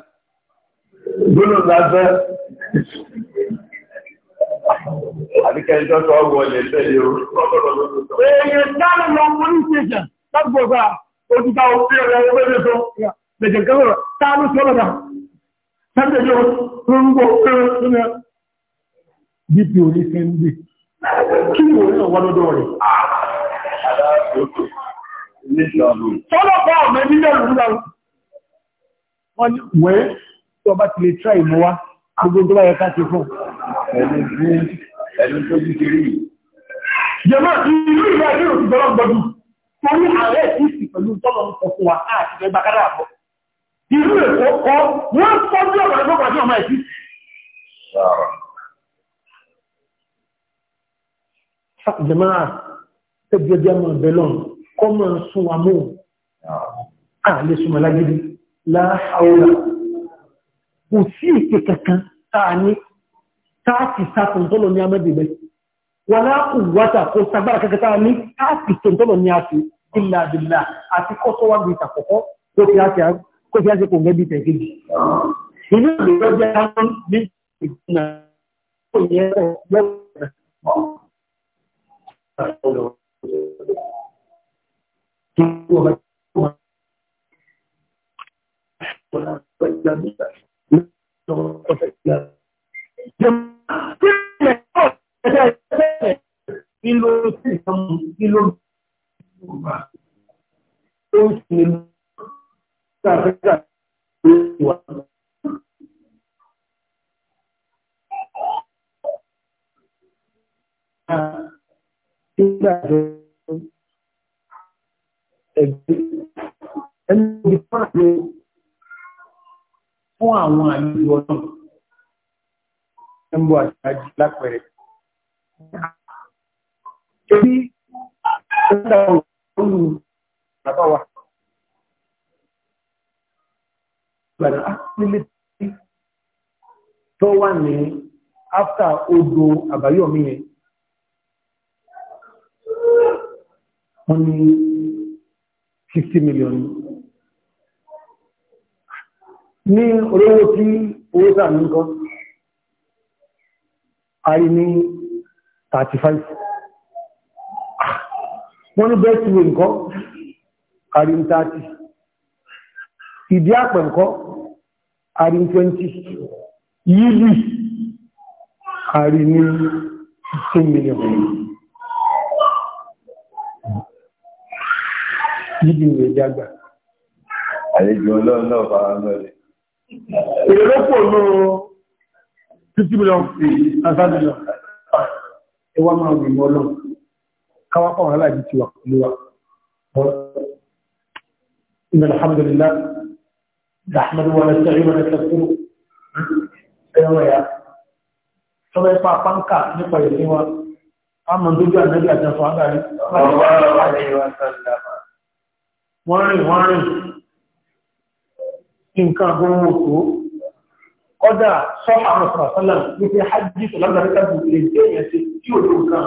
Gbónà lásán. Àdíkẹ́ ìjọ́ tó ọgbọ̀ ilẹ̀ tẹ́lẹ̀ o. Èèyàn dáná lọ mọ́rí ṣèṣẹ̀ láti gbogbo òtútà òfin ọ̀rẹ́ ọgbẹ́ mi sọ. Lẹ̀jẹ̀ kẹ́kọ̀ọ́ tá ló sọ lọ́dà. Sábẹ̀ yóò ń gbọ́ pé ó ń DP orí fẹ́ ń gbé. Kí ni òun náà wá lọ́dọ̀ rẹ̀? Tọ́lọ́pàá ọ̀mẹ́ nílẹ̀ ìrúlá. Wọ́n ní wẹ́ẹ́ tó ọba ti lè tíra ìmú wá gbogbo tó bá yẹ ká ṣe fún. ẹni tó bí ti rí. jẹ̀mọ́ ìlú ìlú àti ìròyìn ìjọba gbọdọ̀ torí ààrẹ ti sì pẹ̀lú tọ́lọ̀ ń sọ fún wa káàkiri ẹgbẹ́ bàkárà àbọ̀. ìlú èkó kọ wọ́n sọ bí ọ̀rọ̀ ẹgbẹ́ pàdé ọmọ ẹ̀sìn. jẹ̀mọ́ ẹgbẹ́ jẹ́mọ́ bẹ́lọ̀n kọ́ máa sún wa mú. àlè súnmọ́ lágídí láhàúlà kò sí ìpè kankan táa ní káàkì sákùn tọ́lọ ní amẹ́bẹ̀bẹ̀ wà láàkùnwátà kò sagbára kankan táa ní káàkì tó tọ́lọ ní àti ìlàdìlà àti kọ́tọ́wà bí ìtàkọ́kọ́ kó fi á ṣe kò gẹ́bí tẹ̀kejì inú ìgbẹ́jọ́ jẹ́ àwọn méjì ìgbìnà ó yẹ Thank you. Kí ló ń ṣe odò àbáyọ̀mí yẹn wọ́n ní 50 million ní olówó tí owó tà ní nǹkan a ní 35 wọ́n ní bẹ́ẹ̀ tí wé nǹkan a ní 30 ìdí àpẹ̀ nǹkan a ní 20 yìí àrí ní 15 million yìí ìwé jágbà àlejò ọlọ́run náà fara mẹ́rin èrò pò ló 50 million àtàdìlọ ẹwà máa rí mọ́ lọ káwàkọ̀ wọn aláàjí ti wà pẹ̀lú wa إن الحمد لله نحمده ونستعين ونستغفره أيوة يا tọ́wọ́ ipa pánká nípa ìsìn wa amọ̀dójú ànábì àjọsọ agbárí wọ́n rìn wọ́n rìn nǹkan agbóhùn òtó kọ́dà sọ àwọn sọ̀rọ̀sọ́lá wípé hajji sọ̀lágbàríkà bù lè jẹ́ èèyàn sí tí ò ló nǹkan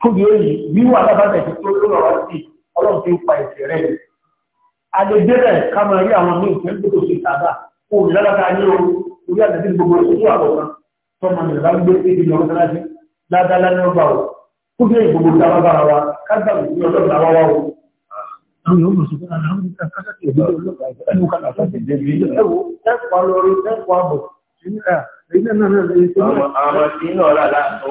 kúbi òyìn wíwà alábàtà ti tó lọ́rọ̀ wá sí ọlọ́run tí ó pa ìsẹ̀ rẹ̀ àlejẹ́rẹ̀ ká máa rí àwọn míì fẹ́ gbọ́dọ̀ sí tàbá kó lálábàá ní orí àtàkì gbogbo ìṣòwò àkọ́kọ́ tọ́mọ mi bá gbé ibi lọ mọ́sálásí dáadáa lẹ́nu ọba o kó bí ìgbòho tí a bára wa kájà mi ní ọjọ́ ìlàwọ́ wa o. àwọn yóò mọ̀ sí fún àwọn ọmọ ìta kájà kí òbí ọlọ́pàá ẹnu ká làtà sí débi. ẹ wo ẹ̀kọ́ lórí ẹ̀kọ́ àbọ̀ èyí náà náà lè ṣe. àwọn tí ń lọ lálá tó.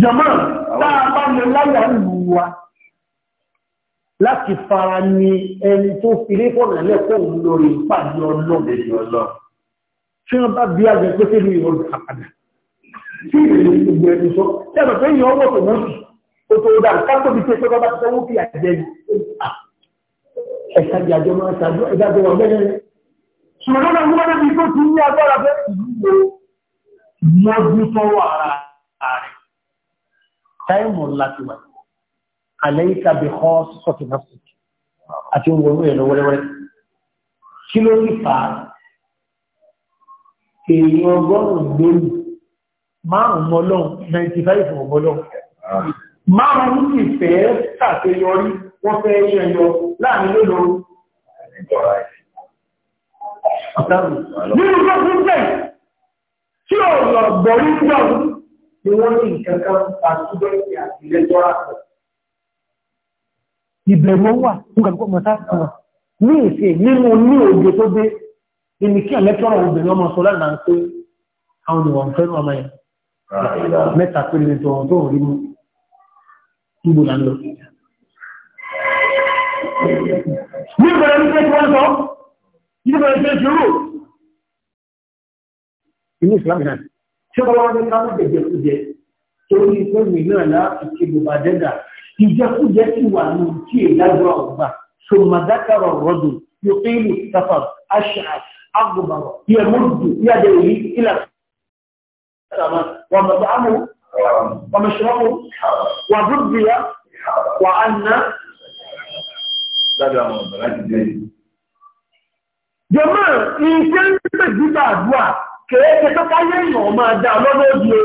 jọ̀mọ́ tá a bá lè láyà ìlú wa láti fara ní ẹni tó fi lé fọ́nà lẹ́kọ̀ọ́ lórí ìpàdé ọlọ́dẹ̀dẹ̀ ọlọ́ tí wọ́n bá bí àgbẹ̀ pé sílùú ìwọ̀n àpàdà tí ìrìnlẹ̀ gbogbo ẹni sọ tẹ́lọ̀ pé ìyàn ọwọ́ tó mọ́sù ó tó dá kápò bí pé pé bá tó wó fi àjẹ ẹ̀sàjì àjọ máa ṣàjọ ìdájọ́ wọn bẹ́ẹ̀ ṣùgbọ́n náà wọ́n níbi tó ti ní agbára pé ìlú mọ́jú tọ́wọ́ ara rẹ̀ táìmù láti wáyé àlẹ́yìká bí kọ́ sọ́tì náfíìkì àti wọ̀rọ̀ ẹ̀lọ wẹ́rẹ́wẹ́rẹ́ kí ló rí fa èèyàn ọgọ́rùn-ún lórí márùn-ún ọlọ́run 95 ọgọ́lọ́run márùn-ún sì fẹ́ ṣàṣeyọrí wọ́n fẹ́ yẹyọ láàrin lólo nínú tó fún jẹ́ tí ò lọ gbọ́ nígbà ni wọ́n ní nǹkan kan pa síbẹ̀ àti lẹ́jọ́ àpọ̀ ìbẹ̀rù wà fún kàlùkọ́ mọ̀sáàtìwà ní ìfẹ́ nínú ní òjò tó dé ní kí àlẹ́tọ́rọ̀ obìnrin ọmọ sọ lánàá pé àwọn ìwọ̀n fẹ́rù ọmọ yẹn mẹ́ta pé lè tọ̀rọ̀ tó rí mú túbò là ń lọ. ní ìbẹ̀rẹ̀ ní pé wọ́n sọ ní ìbẹ̀rẹ̀ ṣe ṣòro inú ìsìlámù ní káwọn jẹjẹ kújẹ láti kí bùbá dẹ́gà ìjẹkújẹ ti wà ní tí ìdájọ́ ọgbà sọmọdákàrọ̀ rọ́dùn yóò pé ìlú káfà aṣáà agbọ̀bàrọ̀ yẹ mọ́dù yàdẹ̀ yìí ilà sàmà wà mọ̀ àmú wà mọ̀ wà dúdúyà wà ánà. Dájọ́ ìṣe ń pè gbígbà àdúrà kèékè tó káyé ìmọ̀ máa dá lọ́dọ̀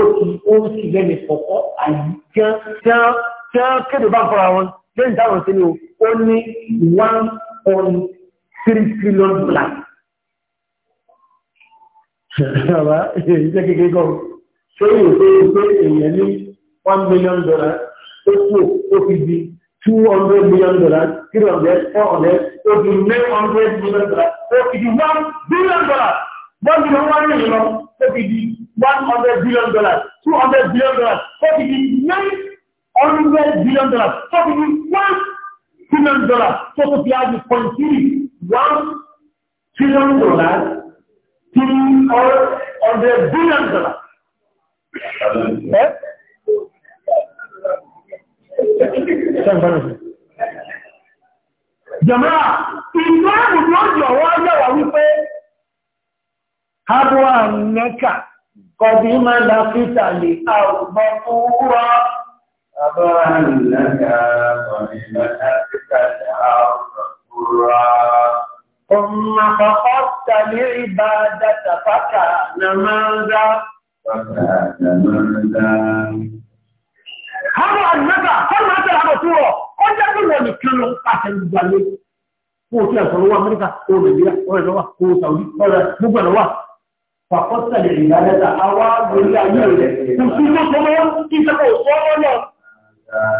ó ti ó ń sì lẹ́nu kọ̀kọ́ àyí tí wọ́n kéde bá ń fọ́ra wọn lẹ́yìn táwọn ṣe ni o ó ní one point three trillion dollars. Àbá ìṣe kékeré kan ṣé yóò ṣe é pé èèyàn ní one million dollars ó kú ó fi di two hundred million dollars three hundred four hundred ó fi nine hundred million dollars ó fi di one billion dollars one billion one million ó fi di. 100 billion dollars, 200 billion dollars, 4900 billion dollars, 41 trillion dollars, tó tó fi ààbò point three one trillion dollars, three hundred billion dollars. Eh? Jàmáà, ìlú àrùn lọ́jọ́ wọ́n yẹ̀wà wípé, Harwa Mecca Kọ̀dí máa dá fítà lè àrùgbọ́ fúwọ́. Àbọ́ àrùnlẹ́gà kọ̀dí máa dá fítà lè àrùgbọ́ fúwọ́. Ọmọ àkọ́kọ́ tàbí ìbáadá tàfákà na máa ń dá. Àwọn àrùnlẹ́gà kọ́ máa tẹ̀lé àbọ̀túwọ̀, ó jẹ́ bí wọ́n nìkan lọ pàtẹ́ gbogbo àlejò. Kó o Amẹ́ríkà, kó o Nàìjíríà, kó o Ẹ̀sọ́ wà, Gbogbo ẹ̀rọ pàkọ́sà lè rìn lálẹ́ta awá lórí ayé rẹ̀ kùsù tó tọ́lọ́ ìṣẹ́kọ̀ òṣùwọ́ lọ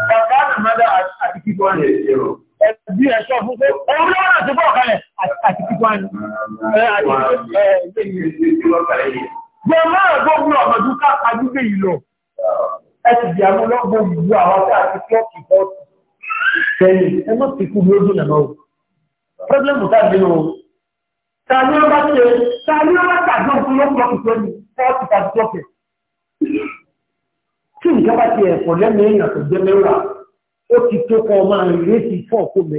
bàbá nàmádà àti kíkọ́ rẹ̀ ṣèrò ẹbí ẹ̀ṣọ́ fún pé ọmọ náà ti bọ̀ kalẹ̀ àti kíkọ́ rẹ̀ gbọ́nà gbogbo ọmọdún ká ajúgbé yìí lọ ẹ ti di àwọn ọlọ́gbọ̀n ìlú àwọn tá àti kíọ́kì bọ́ọ̀tù sẹ́yìn ẹ má ti kú lójú nàmọ́ o pẹ́blẹ́mù tá náà tani ni ó bá ṣe ta ni ó bá tàbí ọkùn ló ni fọ́ọ̀tì tàbí tọ́kẹ̀. tí ìjọba ti ẹ̀fọ́ lẹ́nu èèyàn tó jẹ́ mẹ́wàá ó ti tó kọ́ máa ń ṣé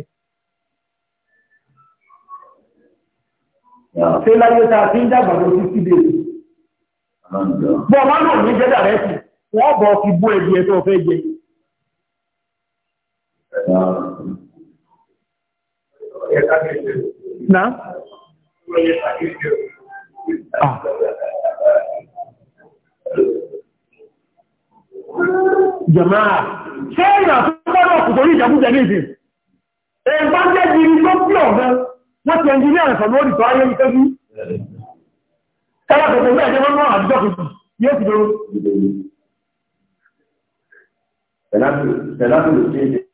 Ah. Jàmáà, ṣé èèyàn tó gbọ́dọ̀ kù torí ìjàkújẹ ní ìsìn? Èèyàn jẹ́ ìrìn tó pí ọ̀gẹ́, wọ́n ti ẹnjìnlẹ̀ ẹ̀sọ̀ lórí tọ́ ayé ìtẹ́jú. Kọ́lá kòkòrò ẹ̀jẹ́ wọ́n náà àdújọ́ kìí yóò ti dúró. Tẹ̀lá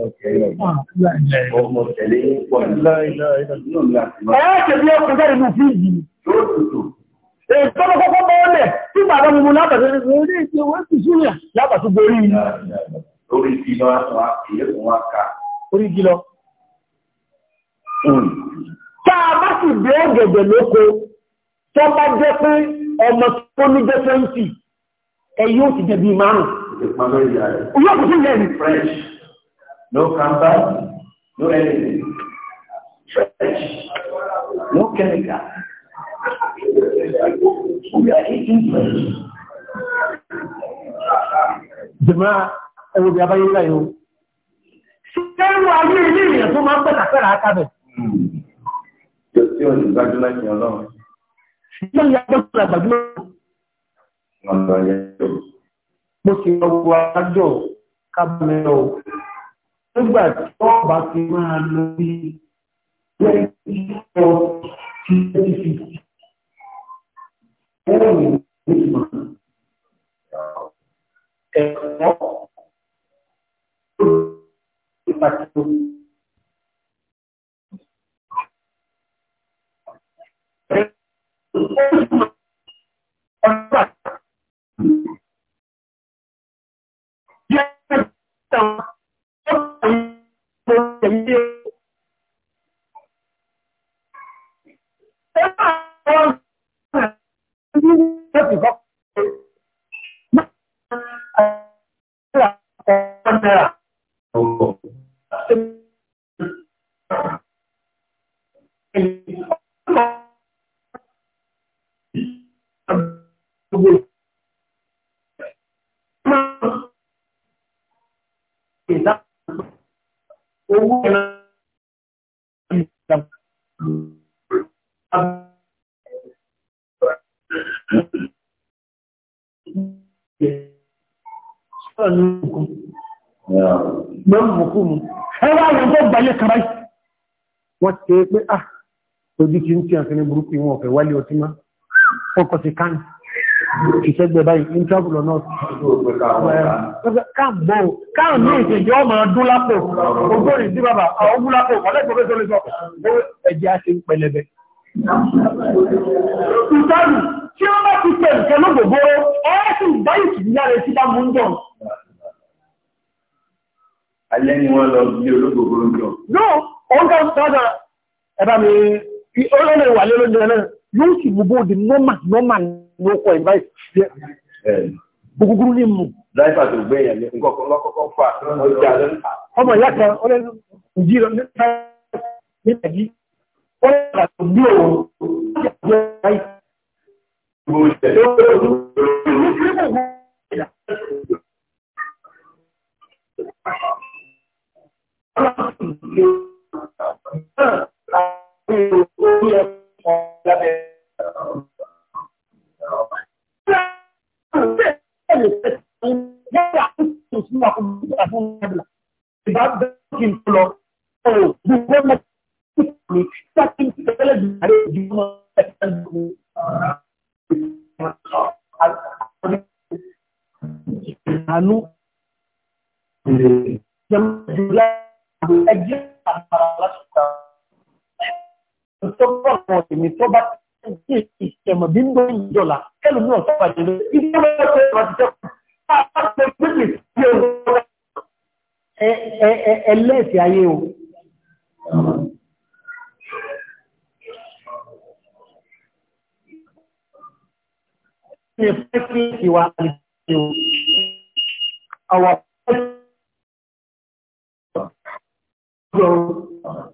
ọmọ tẹ̀lé pọ̀ Èkọ́lọ́ kọ́kọ́ bọ́ ọ́lẹ̀ tí bàbá mú látàrí orí ètò wọ́n ti súnrẹ̀ látàtú borí. Orí ìgbìlọ́ ìyẹ́kùn wá ká. Orí ìgbìlọ́. Táa bá sì bí ọ̀gẹ̀gẹ̀ lóko, tó bá jẹ́ pé ọmọ tó ní jẹ́ 20, ẹ yóò ti jẹ bí márùn-ún. Yóò ti jẹ́ no canvas, no anything. Fresh, no chemical. We are eating fresh. Jẹ̀mọ́ ẹwọ́ bí abáyé ńlá yóò. Ṣẹ́rù ayé ilé ìyẹn tó máa ń pẹ̀lá pẹ̀lá ákábẹ̀. Yóò tí ò ní gbájúmọ́ ìyẹn ọlọ́run. Ṣé ìyá gbọ́dọ̀ gbàgbọ́? Wọ́n lọ yẹ. Mo ti lọ wọ àjọ nígbà tí wọ́n bá ti máa lọ bí lẹ́yìnjọ́ tí ó ti fi fóònù ìgbìmọ̀ ẹ̀kọ́ ìpàtàkì Thank you tó yẹ Mọ́mùkúmù. Ẹwà àwọn Wọ́n ti pé, ah, ojú kí ń tí àfẹ́ ní burúkú ìwọ̀n ọ̀fẹ́ wálé ọtí máa. Fọ́kọ̀ sí káàkiri ìṣẹ́gbẹ̀ báyìí in travel or not káàmù káàmù ní ìṣẹ́jì ọmọ ọdún lápò ogórin sí bàbá ọgbún lápò ọlẹ́gbẹ̀ẹ́sọ́lẹ́sọ́ ẹjẹ́ a ṣe ń pẹlẹbẹ ìtàlù tí ó bá ti tẹ̀ ìkẹ́ lógbògbó ẹ́ẹ̀sì báyìí kìí yára sí bá mú ń jọ alẹ́ ni wọ́n lọ bí ológbògbó ń jọ yóò sì gbogbo di nọ́mà nọ́mà ní ọkọ̀ ìbáyìí gbogbo ní mú. láìpà tó gbé yẹn ní nǹkan lọ́kọ̀ọ́kọ́ fà ọjà lẹ́nu. ọmọ ìyá kan ọlẹ́ ìjì rẹ̀ ní ìtàgé ọlẹ́ ìgbà tó bí òun ọjà jẹ́ báyìí. Thank you lábẹ́ Àánú ìrèlè jẹ́ ẹgbẹ́ àpàrà lásìkò àwọn tó bá wọn èmi tó bá jẹ́ ìṣẹ̀mọ̀ bí ń bọ́ ìjọla kẹ́lù ní ọ̀sán àjẹ́ lọ ìdí ọmọ ẹgbẹ́ ẹ̀rọ ti jẹ́ ẹlẹ́ẹ̀sì ayé o ní pẹ́kí ìwà àìsí o àwọn ọ̀pọ̀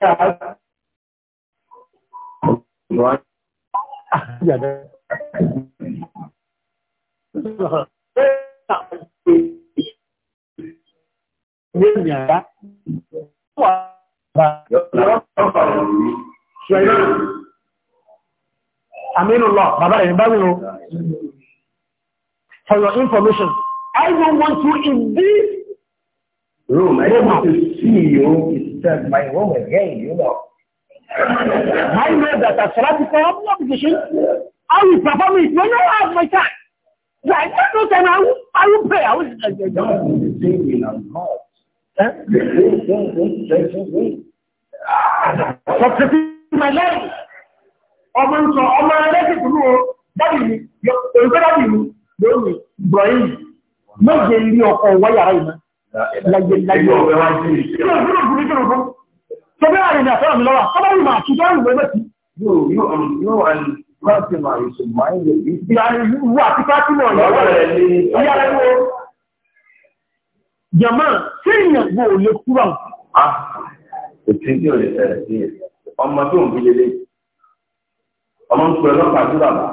Aminullah, bàbá ẹ̀yìn bá wí For your information, I don't want you in this room. I don't want to see you said, my room is gay, you know. I know that as Salat is not an obligation. I will perform it when I have my time. Like, I don't time, I will, I will pray. I will... the same in The same thing, the same Substitute my life. Ọmọ ń sọ, ọmọ ẹgbẹ́ ti kúrò dábì mi, òun fẹ́ dábì mi, lórí Ibrahim, méje ilé ọkọ̀ wáyàrá ìmọ̀ láyé láyé Tọ́bí àrẹ ni àfẹ́ràn mi lọ́wà, ọmọ ìmọ̀ àti ìjọ́ ìwé mẹ́tì. Yóò um, wà ní láti máa ìṣò máa ń lè bí. Ìyàrá ìwú àti pátínà ìyàwó rẹ̀ ní ìyàrá ìwó. Jàmá, tí ìyàn gbò lè kúrò. Ètí tí ò lè fẹ̀rẹ̀ ah, sí ẹ̀. Ọmọ tó ń fi lélẹ̀. Ọmọ ń pẹ̀lú ọ̀pá sí bàbá.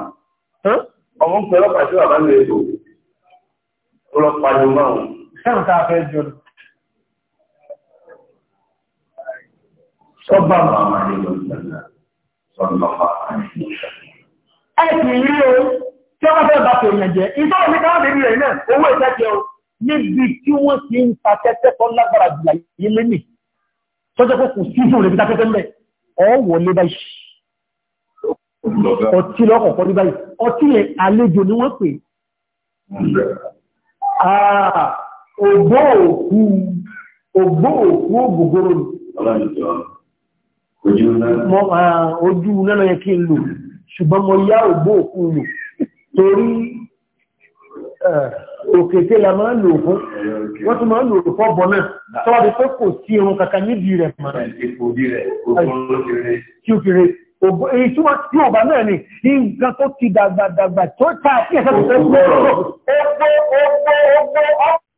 Ọmọ ń pẹ̀lú ọ̀pá sí bàbá ní èkó. Ó lọ pariwo máa Ẹ̀rùn tàà fẹ́ jọ lọ. Sọ́gbà máa rí tí wọ́n fẹ́ bá tó yẹn jẹ́, ìtọ́ òní káwọn lè rí rẹ̀ náà, owó ìtẹ́kẹ́ o, níbi tí wọ́n ti ń ta tẹ́tẹ́ tó lágbára jùlọ yìí lẹ́nì, tọ́jọ́ kó kù sí fún rẹ̀ bí tẹ́tẹ́ ọtí lọ́kọ̀ọ́kọ́ ní báyìí ọtí yẹn àlejò ni wọ́n pè ògbó òkú ògbó òkú ògbògbòrò ojú lẹ́nà yẹ kí n lò ṣùgbọ́n mo yá ògbó òkú lò torí òkèté la máa lò fún wọ́n tún máa lò fún ọbọ̀ náà tọ́wọ́ bí pé kò sí irun kankan níbi rẹ̀ mọ́ tí ó kéré èyí tí wọ́n tí ọba náà ni nǹkan tó ti dàgbàdàgbà tó tà sí ẹ̀sẹ̀ tó fẹ́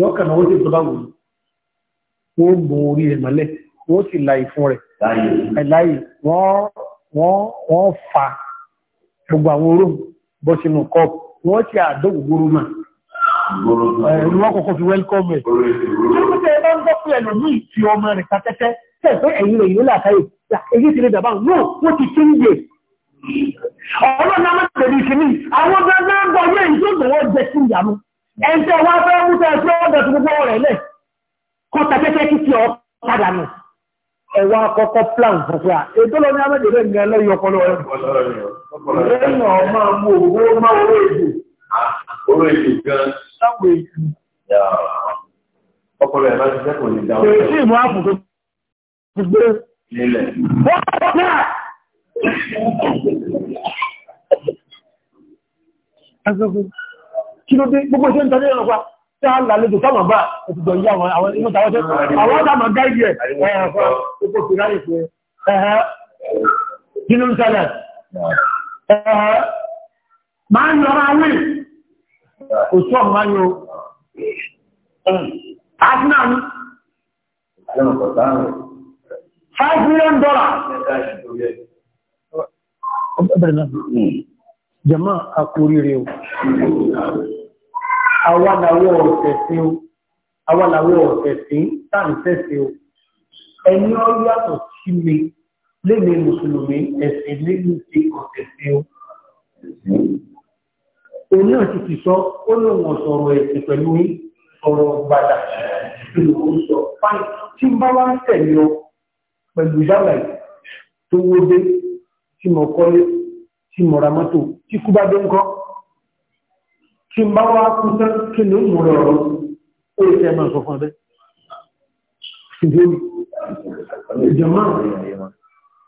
yọ kàn náà wọ́n sì tọ́ba wò ó gbọ́ orí rẹ̀ mọ́lẹ̀ ó sì la ìfun rẹ̀ láyè wọ́n fa gbogbo àwọn oró bọ́ sínú kọ́ọ̀pù wọ́n ti àdógò gbòòrò mà ẹ̀rù wọn kọ̀kọ́ fi wẹ́lkọ́mù ẹ̀ tó tẹ́ ẹ bá ń gbọ́ pé ẹlòmíì ti ọmọ rẹ̀ ta tẹ́tẹ́ tẹ́ pé ẹ̀yìn rẹ̀ yóò làkàyè èyí ti lè dàbà náà wọ́n ti kí ń yè ọlọ́run náà má tẹ̀lé ìṣẹ́ni àwọn gbọ́dọ̀ ń gbọ́ yẹ́ ìṣòwò jẹ́ sí ìyàmú ẹ̀ntẹ́ wá fẹ́ mútẹ́ ẹ̀sùn ọ̀dọ̀ tó gbogbo rẹ̀ lẹ̀ kọta kẹ́kẹ́ kí tí ọ padà nù ẹ̀wà àkọ́kọ́ plan fọ́fọ́ à ètò lọ́ní amẹ́dẹ̀ẹ́rẹ́ ní ẹlẹ́yìn ọpọlọ ẹ̀ lẹ́yìn ọmọ mú owó má owó èdè owó èdè gan sáwọ èdè ọpọlọ ẹ̀ bá ti sẹ́kọ̀ọ́ ní kí ló dé gbogbo ṣe ń tọ́jú ẹ̀rọ pa tí a lálejò táwọn bá òtùtọ̀ yí àwọn inú àwọn dàmà gáìdì ẹ̀ gbogbo fi ráyè kí ló ń ṣẹlẹ̀ máa ń lọ́ra wí òtú ọ̀hún wáyé àwa làwọn ọ̀sẹ̀ sí o àwa làwọn ọ̀sẹ̀ sí táǹsẹ̀ sí o ẹni ọ yàtọ̀ sí mi lẹ́nu mùsùlùmí ẹ̀sìn lẹ́nu ti ọ̀sẹ̀ sí o. òun náà ti ti sọ ó lóun ọ̀sọ̀rọ̀ ẹ̀sìn pẹ̀lú yín ọ̀rọ̀ gbàdà ìlú sọ fáìn tí bá wá ń tẹ̀lé ọ pẹ̀lú ìdáwà tó wó dé tí mo kọ́lé tí mo ra tí kú bá dé ń kọ́ tí bá wá kú tán kí ló mú lọ rọ ó yẹ kí ẹ máa sọ fún abẹ ṣùgbọ́n ìjọba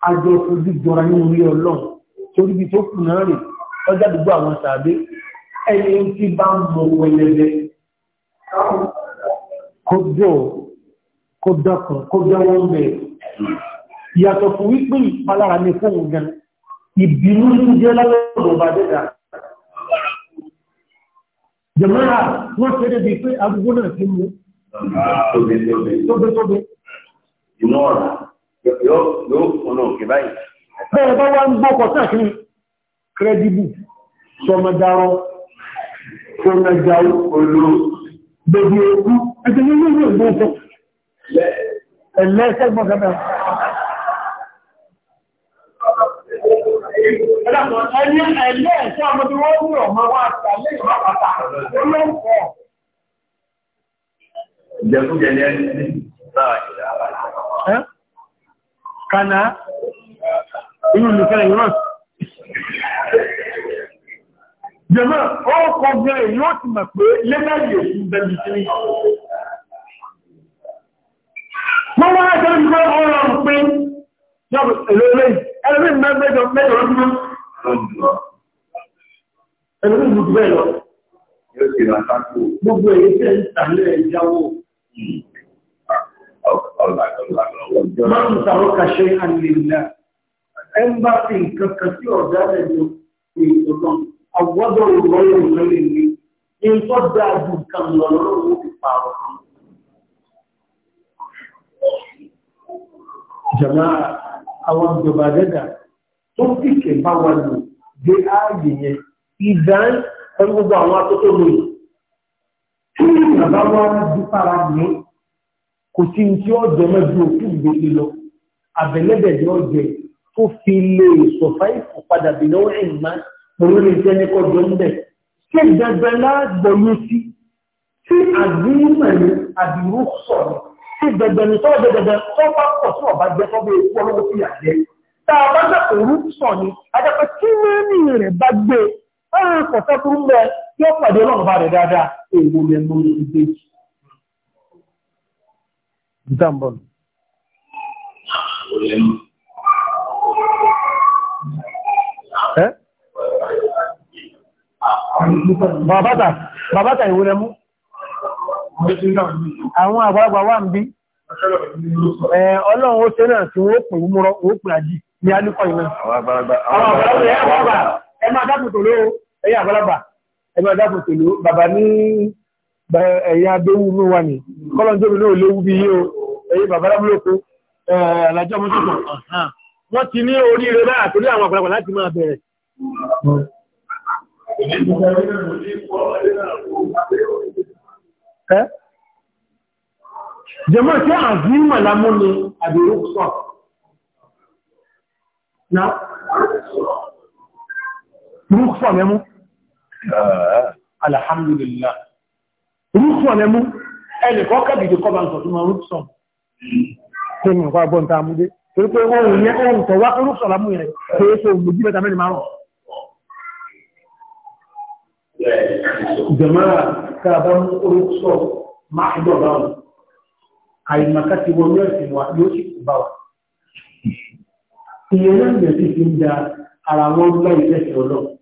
àjọ fojú jọra ní orí ọlọ́run torí bí tó kù náà rè lọ́jà gbogbo àwọn tàbí ẹni tí bá ń mọ pẹlẹbẹ kó jọ kó dákun kó dáwọ́ ń bẹ̀ fún wípé ìpalára ní fóun gan ìbínú ló ń jẹ́ lọ́wọ́ ọ̀bàdẹ́dà jẹ̀mọ́ra wọ́n ṣe débi pé agogo náà ti mú. tóbi tóbi tóbi tóbi. ìmọ̀ ọ̀la yóò yóò fún un kì báyìí. bẹ́ẹ̀ bá wá ń gbọ́ ọkọ̀ sáà kiri kírẹ́díbù sọmọdárọ́ sọmọdáwó olú bèbí ewu ẹ̀jẹ̀ ní ilé fún àwọn tí wọ́n ní ọmọ wa àtàlẹ́ ìwà bàtà olóńkọ. Ìjẹ̀kújẹ ni ẹni tí náà ìdá àbájá. Kànà inú olùfẹ́ ìran. Jẹ̀mọ́, ó kọ jẹ́ èyí ó ti mọ̀ pé lẹ́gbẹ̀rẹ̀ yóò fún bẹ́bí sí. Wọ́n wá jẹ́ ìgbẹ́ ọ̀rọ̀ pé, jọ́ ẹnu ní gbogbo ẹ̀ lọ. yóò ṣe máa sáko. gbogbo ẹ̀ hmm. ṣe ń tàlẹ̀ ìyàwó. máa ń sàrọ́ kàṣẹ àlèlà ẹ ń bá fi nǹkan kan sí ọ̀dà rẹ̀ lọ ní ìtọ́nà àwọ́dọ̀ ìrọ̀lẹ́ nǹkan lè ní nǹkan dáa ju nǹkan lọ lọ́wọ́ fi pààrọ̀ kan. àwọn ìjọba dẹ́dà tó kìkì bá wà lò dé ààyè yẹn ìdán pẹ̀lú gbogbo àwọn atótó lóyè tí bàbá wa di para ní kò sí tí ó jẹ mẹ́bí òkú ìgbésí lọ àbẹ̀lẹ́dẹ̀ ni ó jẹ tó fi lè sọ̀fáì padà bí lọ́wọ́ ẹ̀ má pẹ̀lú lè jẹ́ ní kọjọ ń bẹ̀ ṣé dandan lágbọ̀nyé sí tí àgbéyìnmọ̀ ni àbírú sọ̀rọ̀ tí dandan ni tọ́wọ́ dandan tó bá pọ̀ sí ọ̀bá jẹ́ tọ́ bẹ́ẹ̀ kú ọlọ́wọ́ sí àjẹ́ tá a bá dàpọ̀ rú sọ̀ ni àdàpọ̀ tí mẹ́rin rẹ̀ bá gbé e ọ̀rọ̀ pọ̀sẹ́kúrú mẹ́ tí ó pàdé ọlọ́run bá rẹ̀ dáadáa èèwò mẹ́mú ìgbé ìtàmbọ̀n bàbátà ìwò rẹ̀ mú àwọn àgbàlagbà wà ń bí ọlọ́run ó tẹ́ náà tí wọ́n pè múrọ́ òpin àjí ní alúkọ̀ ìmẹ́ àwọn àgbàlagbà ẹ máa dákùn tó lóòó ẹ̀yà àgbàlagbà ẹgbẹ́ ọ̀dàpọ̀ tèlú bàbá ní ẹ̀yà adéwú ní wà ní kọ́lọ̀njẹ́mi náà léwu bí yíò ẹ̀yẹ bàbá lámúlòkó alájọ́ mọ́tòkọ̀ wọ́n ti ní oríire náà torí àwọn àgbàlagbà láti máa bẹ̀rẹ̀ jẹ́mọ́ tí àzímà lámú ni àbẹ̀rẹ̀ sọ Rúkúsọ̀ mẹ́mú. Eh. alhamdulillah rúsùn ọ̀lẹ́mú ẹnìkan kẹ́bìdì kọ́ bá ń sọ̀tún wọn rúsùn tí mi nǹkan agbọ́n ta múdé torí pé ohun yẹ ohun tọ̀ wá rúsùn lámú yẹn pé é ṣe ohun méjì mẹ́ta mẹ́rin márùn jẹ̀mọ́ra káàbá mú orúsùn máa ń dọ̀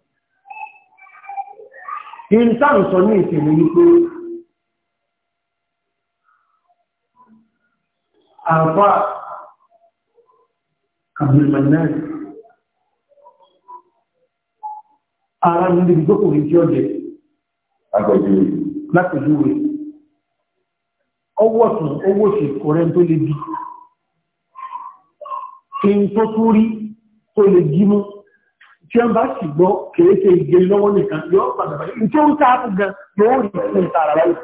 ìntàn sọ ní ìsinmi wípé àfá àbìmọ̀nàì ara nílé ìgbókòrò tí ó jẹ lápẹjúwe ọwọ́ tún owó ṣe kọrẹ tó lè bí kí n tó tún rí tó lè jí tí wọ́n bá sì gbọ́ kéèké igé lọ́wọ́ nìkan yóò padà báyìí ní tí ó ń ta àpò gan yóò rí fún ìtara báyìí.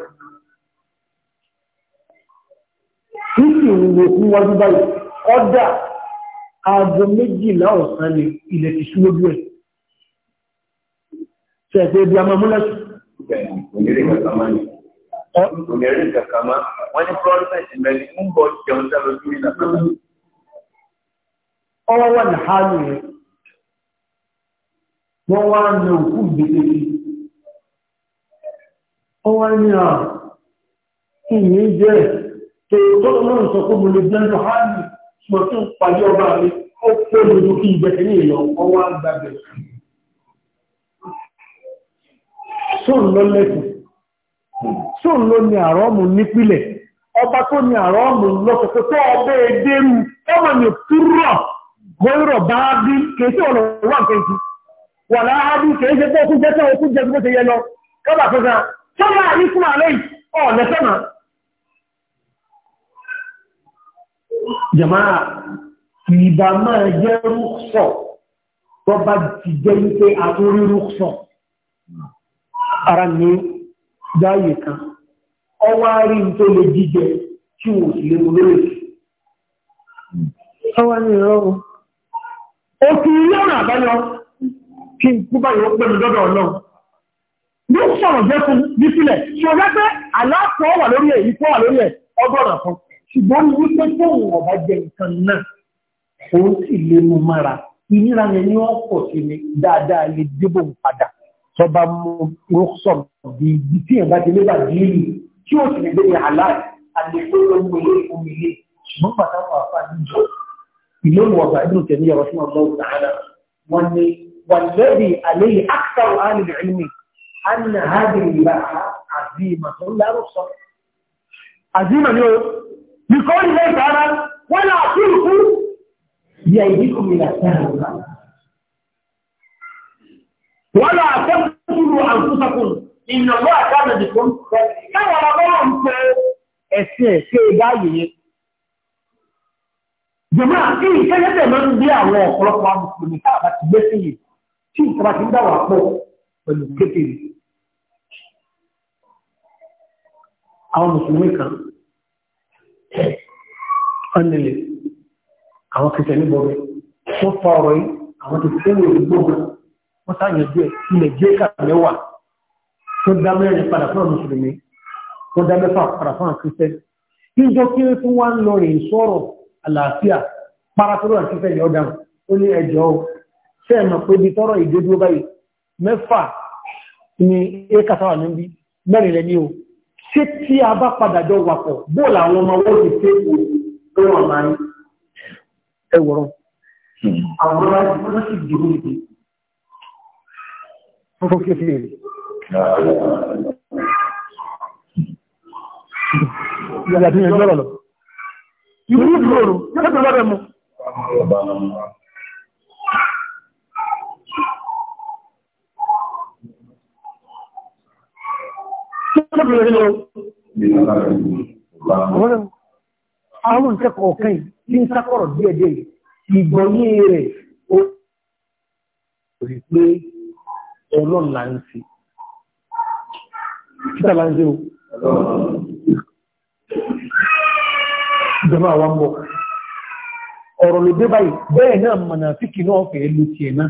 kí sì ń wo níwájú báyìí ọ̀dà aago méjìlá ọ̀sán ni ilẹ̀ ti sú lójú ẹ̀. ṣe ẹ̀fẹ́ ibi àmọ́ múlẹ̀sù. onírè kankan máa ní onírè kankan máa wọ́n ní prọ́fẹ̀tì mẹ́rin ń bọ̀ jẹun sálójú ìlànà. ọwọ́ wà ní hálù yẹn. wọ́n wá ń lọ òkú gbèdéke wọ́n wá ní à ìyìn jẹ́ tòótọ́ náà sọ pé mo lè blend of tí ó pàdé ọba mi ó pé lójú kí ní èèyàn wá ń lọ ló ní àrọ́mù nípìlẹ̀ ọba tó ní àrọ́mù tó ọbẹ̀ ọmọ mi bá bí kèsì wà kẹ́kẹ́ wà láàádú kìí ṣe tó kún jẹ́tẹ́ òkú jẹ́ tó ṣe yẹ lọ kọ́bà fẹ́sà sọ́lá àrí fún àlẹ́ ọ̀nà sọ́nà jẹ̀máà ìbá máa jẹ́ rúksọ̀ tó bá ti jẹ́ wípé àtúrí rúksọ̀ ara ní dáyé kan ọwá rí tó lè jíjẹ tí wò sí lè mú lórí ọwá ní ìrọ̀rùn òkú ilé ọ̀nà kí n kú báyìí ó pẹ̀lú lọ́dọ̀ ọlọ́run ló ń sọ̀rọ̀ jẹ́ fún nípìnlẹ̀ ṣọ̀rẹ́ pé aláàpọ̀ wà lórí èyí pọ̀ wà lórí ẹ̀ ọgọ́rùn-ún kan ṣùgbọ́n ní wípé tóun ọ̀bá jẹ nǹkan náà òun sì lè mú mára ìnira yẹn ní wọ́n pọ̀ sí ni dáadáa lè débò ń padà tó bá mú rúkṣọ̀ bí ibi tí ìyẹn bá ti lébà díìlì tí ó sì lè dé ní aláàpọ̀ والذي عليه أكثر أهل العلم أن هذه الإباحة عزيمة لا رخصة عزيمة اليوم بقول الله تعالى ولا تلقوا بأيديكم إلى السهل ولا تقتلوا أنفسكم إن الله كان بكم كما رمضان ẹ̀sìn ṣe báyìí jẹ́mọ́ àti ìkẹ́lẹ́tẹ̀ máa ń gbé àwọn ọ̀pọ̀lọpọ̀ àmùsùlùmí káàbà ti gbé sí yìí tí ìtara ti ń dà wà pọ̀ pẹ̀lú kékeré. Àwọn Mùsùlùmí kan ọ̀nìlẹ̀ àwọn kìtẹ̀ níbọ̀rẹ̀ wọ́n fa ọ̀rọ̀ yìí àwọn ti fún ìwé gbogbo wọ́n sáyẹ̀dú ẹ̀ ilẹ̀ jẹ́kà mẹ́wàá tó dá mẹ́rin padà fún àwọn Mùsùlùmí wọ́n dá mẹ́fà padà fún àwọn kìtẹ̀. Ìjọ kí ó tún wá ń lọ rìn ṣe ẹ̀mọ̀ pé bí tọ́rọ ìdójú báyìí mẹ́fà ni ékàtàwà ní bí mẹ́rin lẹ́ni o ṣé tí a bá padà jọ wàpọ̀ bóòl àwọn ọmọ wọ́n ti ṣe tó wọ́n máa ń ẹwọ̀rọ̀ àwọn ọmọ wọn sì dìbò ìdè fún fún kéfì rẹ̀ Ìyàtí ìyàtí ọ̀rọ̀ lọ. Ìwúrí ìdúró rò, yóò tó lọ́rẹ̀ mú. Àwọn ìkẹ́kọ̀ọ́ kan tí ń sákọ̀rọ̀ díẹ̀díẹ̀ ìgbọ̀nyé rẹ̀ ó rí pé ọlọ́nà ń fi. Títà lá ń ṣe o. Ìjọba àwọn ọmọ. Ọ̀rọ̀ ló dé báyìí, bẹ́ẹ̀ náà mọ̀nà fíkì náà fẹ́ ló tiẹ̀ náà.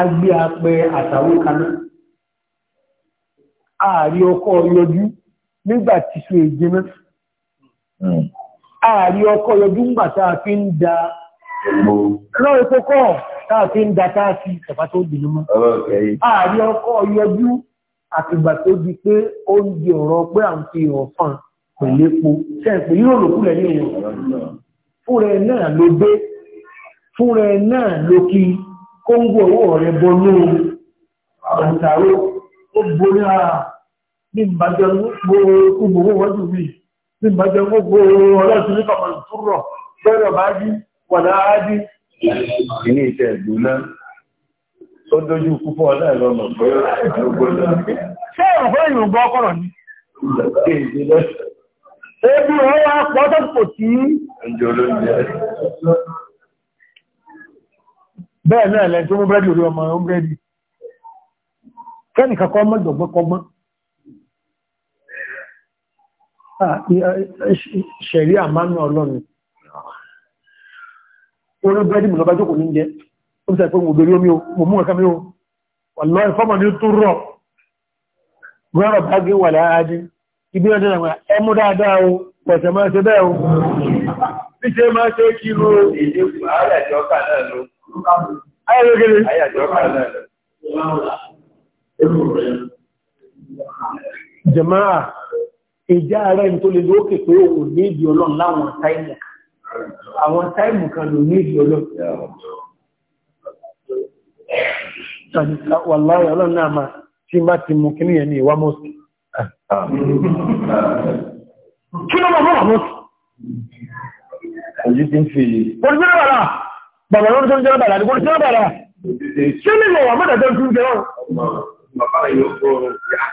agbé apẹ àtàwó kaná ààrí ọkọ̀ yọjú nígbà tí so èjì náà ààrí hmm. ọkọ̀ yọjú ń gbà táa fi ń da lọ́rọ̀ tó kọ́ táa fi ń da táa fi ṣẹ̀fà tó dì ní mọ́ ààrí ọkọ̀ yọjú àtìgbà tó di pé ó ń di ọ̀rọ̀ pé à ń fi ọ̀fàn pẹ̀lú epo sẹ́ẹ̀pẹ̀ yóò lòkúlẹ̀ ní ìwọ̀n fúnra ẹ̀ náà ló dé fúnra ẹ̀ náà ló kí i kóńgò owó rẹ̀ bọnú àrùntàró ó borí ara ní ìbájọ́ gbogbo owó wọ́n jù mí ní ìbájọ́ gbogbo ọlọ́sìn ní kọ̀ọ̀kan túrọ̀ bẹ́rẹ̀ bá jí wọ̀dá á jí. ìní ìtẹ̀ ìgbóná ó dojú púpọ̀ náà bẹ́ẹ̀ náà lẹ́n tó mú búrẹ́dì orí ọmọ ọmọ búrẹ́dì kẹ́nìkan kọ́ mọ́jọ̀gbọ́n kọgbọ́n ṣẹ̀rí àmánú ọlọ́run orí búrẹ́dì mùlọ́bá jókòó ní jẹ́ ó sẹ́ pé mo bèèrè omi o mú ẹ̀kẹ́ mi o wàlọ́ ìfọ́mọ̀ ní tó rọ̀ gbọ́rọ̀ bá gé wà láàájí ibi ọdún àwọn ẹmú dáadáa o pọ̀sẹ̀ máa ṣe bẹ́ẹ̀ o bí ṣe máa ṣe kí ló èdè fún ààrẹ àjọ́kà náà ló Ayé gẹ́gẹ́. Ayé àjọ kàlẹ̀. Jẹ̀máà, ìjà rẹ̀ tó lè lókè pé òun ní ìdí ọlọ́run láwọn táìmù. Àwọn táìmù kan ló ní ìdí ọlọ́run. Wàláyé ọlọ́run náà máa tí má ti mú kíní ẹni ìwá mọ́sí. Kí ló mọ̀ mọ́ mọ́sí? Èyí ti ń fi. Olùgbé náà wà láà bàbá lọ́rọ̀ tó ń jẹ́rọ bàrà ní kò ní jẹ́rọ bàrà ṣé ní ìwọ̀n àmọ́dà tó ń tún jẹ́rọ. bàbá yóò kọ́ ọ̀rọ̀ ìyá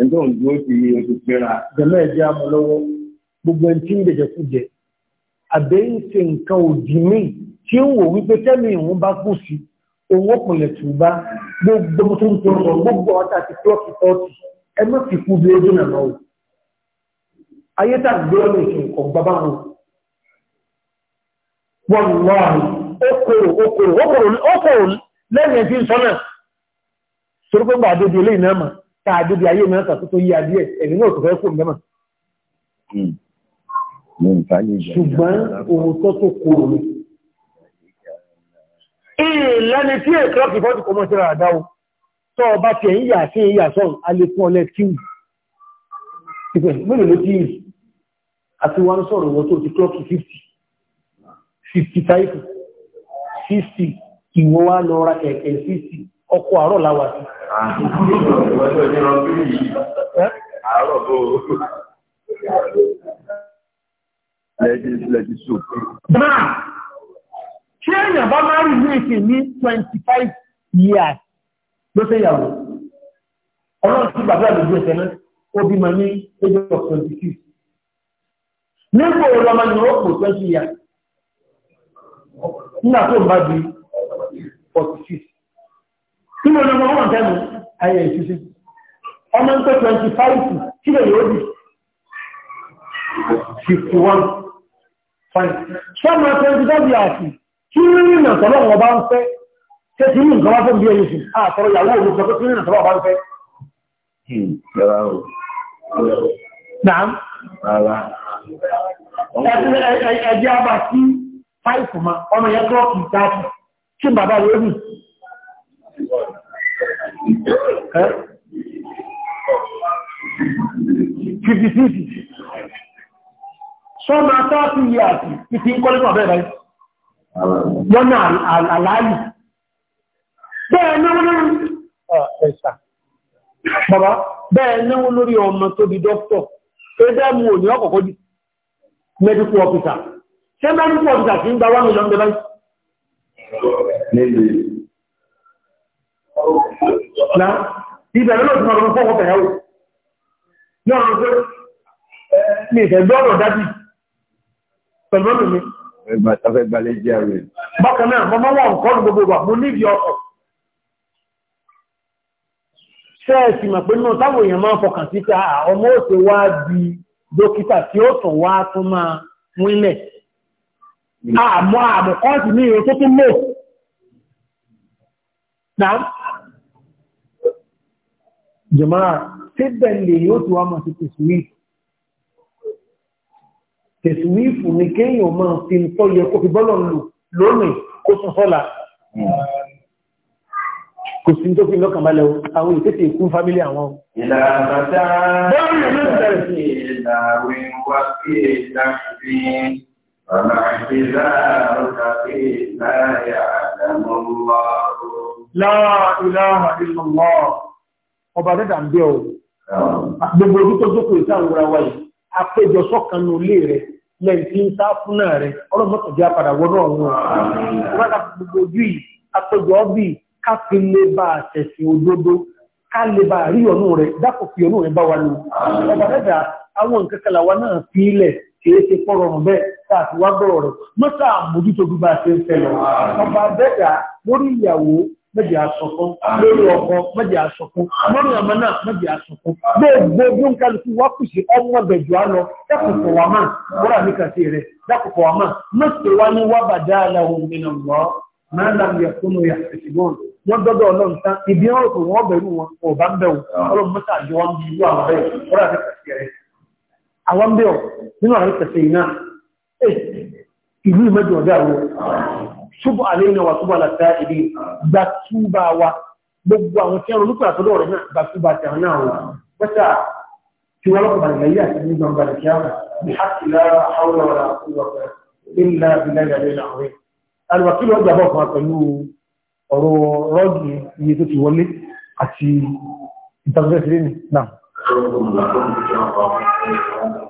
ẹ̀ tó ń dúró ti oṣù kẹra. jẹ̀mọ́ ẹ̀ jẹ́ àmọ́ lọ́wọ́ gbogbo ẹni tí ń jẹjẹ kú jẹ àbẹ́ ń ṣe nǹkan òdì míì tí ń wò wípé tẹ́mi ìwọ̀n bá kù sí òun ọ̀pọ̀lẹ̀ tùbá gbogbo tó ń tó sọ gbogbo ọ̀tá àti tọ́ọ̀tì tọ́ọ̀tì ẹ má fi kú bí ojú nàná o ayé tàbí ọ̀nà ìṣẹ̀ǹkọ̀ gbàbáwọn wọn lọ́ọ̀rùn okòrò okòrò okòrò lẹ́yìn tí ń sọ náà torí pé gbà débi ilé ìnáàmà tá a débi ayé mẹ́ta tó tó yí adíẹ̀ ẹ̀mí náà tó fẹ́ kò mẹ́mà hmm. ṣùgbọ́n ohun tó tó kòrò ní ìlẹ́ni tí èkó kì fọ́tí kọmọ sí ràdá o tó ọba tí ẹ̀yìn yà sí ìyà sọ́run alẹ́kún ọlẹ́ kíwù ìpẹ̀ mélòó ló tí àti wọn sọ̀rọ̀ wọn tó ti klọ́ọ̀kì 50 55 sísì ìwọ wá lọ ra kẹ̀kẹ́ sísì ọkọ̀ àárọ̀ láwà sí. Ah. Ṣé èèyàn bá máa rí ní ní 25 years ló Ọlọ́run ti ẹ̀sẹ̀ náà, ó ní of Nígbò ọlọ́mọ ni ó pò 20 years. nígbà tó ń bá di 46 tí mo lọ mọ́ ọmọ tẹ́nu ayẹ ìṣúṣe ọmọ ń pẹ́ 25 kí lè yóò di 51 fine sọ́mọ 25 yàtì kí ní ìrìnà tọ́lọ́ wọn bá ń fẹ́ tẹ́ ti ní nǹkan wá fún bí ẹyẹ sí àtọ́rọ ìyàwó òun sọ pé kí ní ìrìnà tọ́lọ́ wọn ń fẹ́ hmm, fáìfù ma ọmọ yẹn klọ́ọ̀kì ìtaàkì kí bàbá rẹ̀ rí fifty fifty sọ́mà tọ́ọ̀tì yìí àti ìfì kọ́lẹ́kọ̀ bẹ́ẹ̀ báyìí lọ́nà àlàálì bẹ́ẹ̀ náwó lórí ẹ̀sà bàbá bẹ́ẹ̀ náwó lórí ọmọ tó di dókítọ̀ ẹgbẹ́ mú òní ọkọ̀kọ́ di medical officer sẹ́mbà ní pọ̀ ìjà fi ń gba wá mílíọ̀n bẹ́ẹ̀ báyìí. na ìbẹ̀rẹ̀ lọ́dún máa lọ́dún fọ́wọ́ fẹ̀yàwó náà ló pé mi ìfẹ́ gbọ́dọ̀ dájú pẹ̀lú ọ̀nà mi. afẹ́ gbalẹ̀ jẹ́ àwẹ̀. bákan náà mo máa wà nǹkan ní gbogbo wa mo ní ìdí ọkọ̀. sẹ́ẹ̀sì mà pé náà táwọn èèyàn máa ń fọkàn sí pé ọmọ òṣè wá di dókítà tí ó tún wá tún máa múlẹ̀ àmọ́ àmọ́ kọ́ọ̀tì ní ìrò tó tún lò náà jùmọ́ síbẹ̀ lè yóò tí wá máa ti tẹ̀sùwífù tẹ̀sùwífù ní kéèyàn máa fi tọ́ yẹ kó fi bọ́lọ̀ lò lónìí kó tún sọ́la kò sí tó fi lọ́kàn o àwọn ìtẹ́tẹ̀ ikú fámílì àwọn o. فما اعتذارك فيما يعلم الله لا إله إلا الله ọba dẹ́dà ń bẹ́ ọ̀ gbogbo ojú tó jókòó ìsáwòrán wáyé àpéjọ sọ́kànnù ilé rẹ̀ lẹ́yìn tí ń sá fún náà rẹ̀ ọlọ́mọ́tọ̀jẹ́ àpàdà wọ́n náà wọ́n wọ́n kìí ṣe pọ̀rọ̀ ọ̀rùn bẹ́ẹ̀ káàkiri wá bọ̀rọ̀ rẹ̀ mọ́tà àmójútó bí bá ṣe ń fẹ́ lọ. ọba bẹ́ẹ̀dà lórí ìyàwó mẹ́jì àsọ̀kún lórí ọkọ mẹ́jì àsọ̀kún lórí ọmọ náà mẹ́jì àsọ̀kún gbogbo bí ń kálukú wá kù sí ọmọ bẹ̀jọ́ á lọ dákòkò wà máa wúrà mi kà sí rẹ̀ dákòkò wà máa mẹ́sẹ̀ wá ní wábà dáadáa ohun mi nà lọ máa làm yẹ fún mi àti ṣùgbọ́n wọ́n dọ́dọ̀ ọlọ́run tán ìbí ọ̀rọ̀ kò wọ́n bẹ̀rù wọn ọ̀bá ń bẹ̀rù ọlọ́run mẹ́ta àjọ wọn bí irú àwọn bẹ́ẹ̀ wúrà mi kà àwọn ń bẹ̀rọ nínú àwọn ìpẹ̀sẹ̀ iná ìlú ìmẹ́jọ ọ̀dá àwọn ṣubú àlẹ́yìnà wà túbọ̀ àlàtà èdè gbàtúbà wa gbogbo àwọn tí ẹran olúkọ̀ àtọ́dọ̀ rẹ̀ náà gbàtúbà tẹ̀ náà wọn pẹ́sà tí wọ́n lọ́pọ̀ bàlẹ̀ yìí àti ní gbangba rẹ̀ kíá ní hàkìlá àwọn ọ̀rọ̀ àkúwọ̀fẹ́ ilá خير لكم إن شاء الله